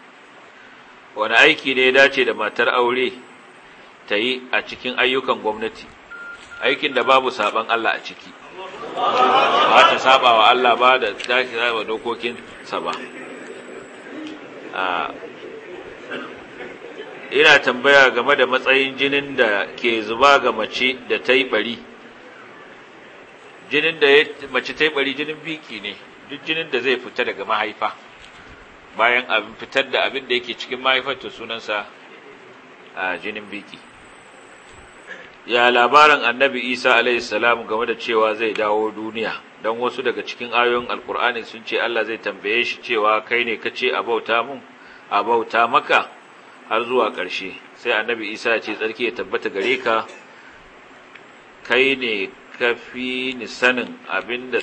wani aiki ne ya dace da matar aure ta yi a cikin ayyukan gwamnati aikin da babu saban Allah a ciki ba ta saba wa Allah ba da ta saba dokokinsa ba Ina tambaya game da matsayin jinin da ke zuba ga mace da ta yi ɓari, jinin da mace ta yi ɓari jinin biki ne duk jinin da zai fita daga mahaifa bayan abin fitar da abin da yake cikin mahaifar ta sunansa a jinin biki ya labarin annabi isa alaihi game da cewa zai dawo duniya don wasu daga cikin ayoyin alkur'ani sun ce allah zai tambaye shi cewa kai ne ka ce a a bauta maka har zuwa ƙarshe sai annabi isa ce tsarki ya tabbata gare ka kai ne ka fi ni sanin abin da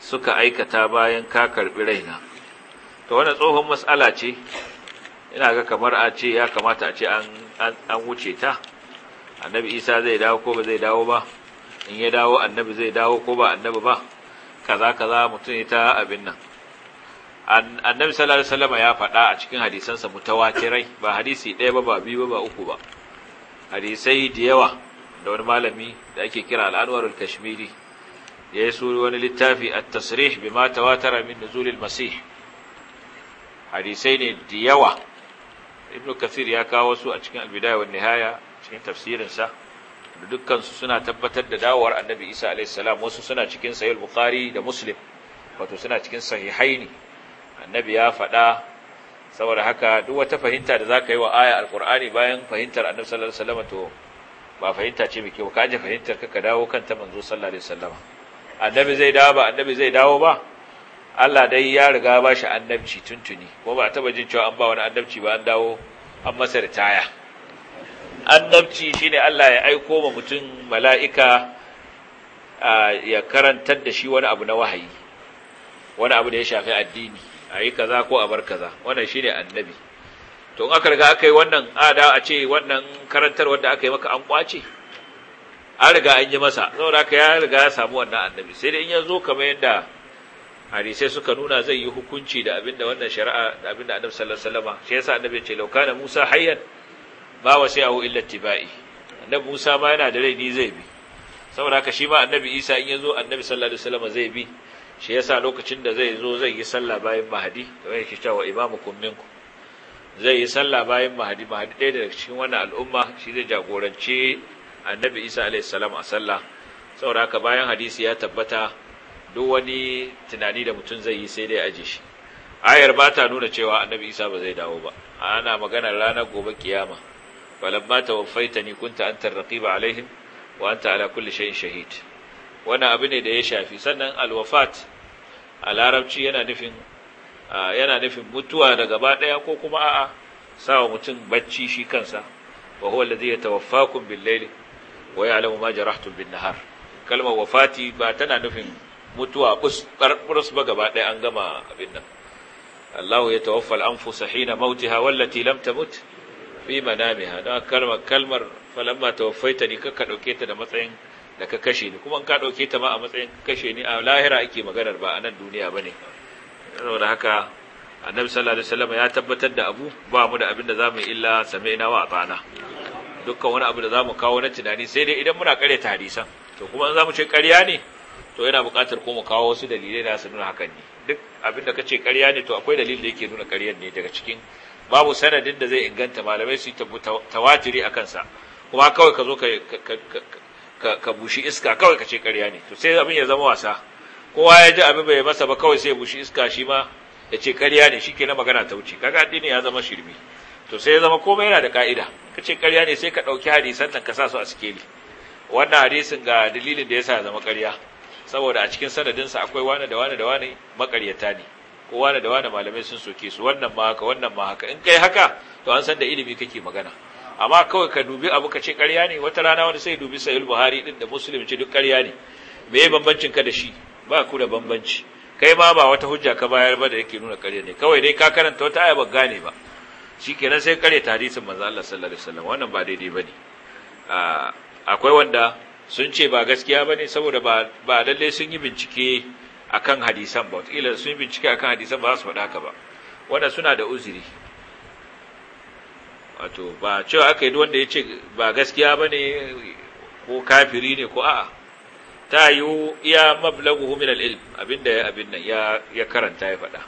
suka aikata bayan ka karɓi raina to wannan tsohon matsala ce ina ga kamar a ce ya kamata a ce an wuce ta annabi isa zai dawo ko ba zai dawo ba in ya dawo annabi zai dawo ko ba annabi ba kaza kaza mutum ya abin nan annabi sallallahu alaihi wasallam ya faɗa a cikin hadisansa mutawatirai ba hadisi ɗaya ba ba biyu ba ba uku ba hadisai da yawa da wani malami da ake kira al'anwar al-kashmiri ya yi suri wani littafi at-tasrih bima tawatara min nuzul al-masih hadisai ne da yawa ibnu kathir ya kawo su a cikin al-bidaya wan nihaya cikin tafsirin sa dukkan su suna tabbatar da dawowar annabi isa alaihi salam wasu suna cikin sahih al-bukhari da muslim wato suna cikin sahihaini annabi ya faɗa saboda haka duk wata fahimta da zaka yi wa aya alkurani bayan fahimtar annabi sallallahu alaihi to ba fahimta ce mike ka ji fahimtar ka dawo kan ta manzo sallallahu alaihi annabi zai dawo ba annabi zai dawo ba Allah dai ya riga ba shi annabci tuntuni ko ba taba jin cewa an ba wani annabci ba an dawo an masa ritaya annabci shine Allah ya aiko ma mutum mala'ika ya karantar da shi wani abu na wahayi wani abu da ya shafi addini a yi kaza ko a bar kaza wannan shine annabi to in aka riga aka yi wannan ada a ce wannan karantar wanda aka yi maka an kwace an riga an yi masa saboda aka ya riga ya samu wannan annabi sai dai in ya zo kamar yadda hadisai suka nuna zai yi hukunci da abinda wannan shari'a da abinda annabi sallallahu alaihi wasallam shi yasa annabi ya ce law kana musa hayyan ba wa sai wasi'ahu illa tibai annabi musa ma yana da rai ni zai bi saboda haka shi ma annabi isa in ya zo annabi sallallahu alaihi wasallam zai bi shi yasa lokacin da zai zo zai yi sallah bayan mahadi kamar yake cewa imamukum minkum zai yi sallah bayan mahadi mahadi ɗaya daga cikin wannan al'umma shi zai jagorance annabi isa alayhi salam a sallah saboda haka bayan hadisi ya tabbata duk wani tunani da mutum zai yi sai dai aje shi ayar ba ta nuna cewa annabi isa ba zai dawo ba ana magana ranar gobe kiyama falamma ni kunta anta raqiba alaihim wa anta ala kulli shay'in shahid wannan abu ne da ya shafi sannan alwafat a larabci yana nufin yana nufin mutuwa da gaba ɗaya ko kuma a'a sawa mutum bacci shi kansa wa huwa allazi yatawaffakum bil layli wa ya'lamu ma jarahtum bin nahar kalmar wafati ba tana nufin mutuwa bus ba gaba ɗaya an gama abin nan Allahu ya tawaffal anfusa hina mautiha wallati lam tamut fi manamiha don kalmar kalmar falamma tawaffaitani kaka dauke ta da matsayin da ka kashe ni kuma in ka ɗauke ta ma a matsayin kashe ni a lahira ake maganar ba a nan duniya ba ne saboda haka annabi sallallahu alaihi wasallam ya tabbatar da abu ba mu da abin da zamu illa sami'na wa atana dukkan wani abu da zamu kawo na tunani sai dai idan muna kare hadisan to kuma in zamu ce ƙarya ne to yana buƙatar ko mu kawo wasu dalilai da su nuna hakan ne duk abin da kace ƙarya ne to akwai dalilin da yake nuna ƙaryar ne daga cikin babu sanadin da zai inganta malamai su yi tawatiri a kansa kuma kawai ka zo ka ka bushi iska kawai ka ce ƙarya ne to sai abin ya zama wasa kowa ya ji abin bai masa ba kawai sai ya bushi iska shi ma ya ce ƙarya ne ke na magana ta wuce kaga addini ya zama shirmi to sai ya zama komai yana da ka'ida ka ce ƙarya ne sai ka ɗauki hadisan nan ka sa su a sikeli wannan hadisin ga dalilin da ya sa zama ƙarya saboda a cikin sanadinsa akwai wani da wani da wani makaryata ne ko wani da wani malamai sun soke su wannan ma haka wannan ma haka in kai haka to an san da ilimi kake magana amma kawai ka dubi abu ka ce ƙarya ne wata rana wani sai dubi sahih buhari din da muslim ce duk ƙarya ne me ya bambancin ka da shi ba ku da bambanci kai ma ba wata hujja ka bayar ba da yake nuna ƙarya ne kawai dai ka karanta wata aya ba gane ba shikenan sai kare hadisin manzo Allah sallallahu alaihi wasallam wannan ba daidai bane akwai wanda sun ce ba gaskiya bane saboda ba ba lalle sun yi bincike akan hadisan ba wataƙila sun yi bincike akan hadisan ba za su faɗa haka ba wanda suna da uzuri wato ba cewa aka yi duk wanda ya ce ba gaskiya ba ne ko kafiri ne ko a'a ta yi iya mablagu min ilm abinda abin nan ya karanta ya faɗa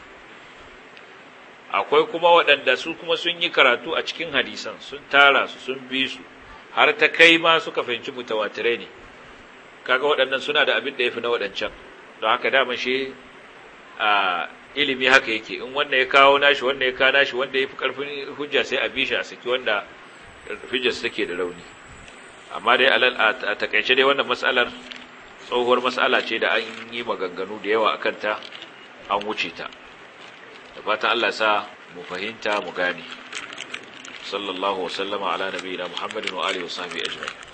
akwai kuma waɗanda su kuma sun yi karatu a cikin hadisan sun tara su sun bi su har ta kai ma suka fahimci mutawatirai ne kaga waɗannan suna da abin da ya fi na waɗancan don haka dama shi ilimi haka yake in wanda ya kawo nashi wanda ya kawo nashi wanda ya fi karfin hujja sai a bisha a saki wanda hujjarsa take da rauni amma dai a takaice dai wannan matsalar tsohuwar matsala ce da an yi maganganu da yawa a kanta an wuce ta da fatan Allah sa mu fahimta mu gane sallallahu wasallama ala nabiyina muhammadin wa alihi wa sahbihi ajma'in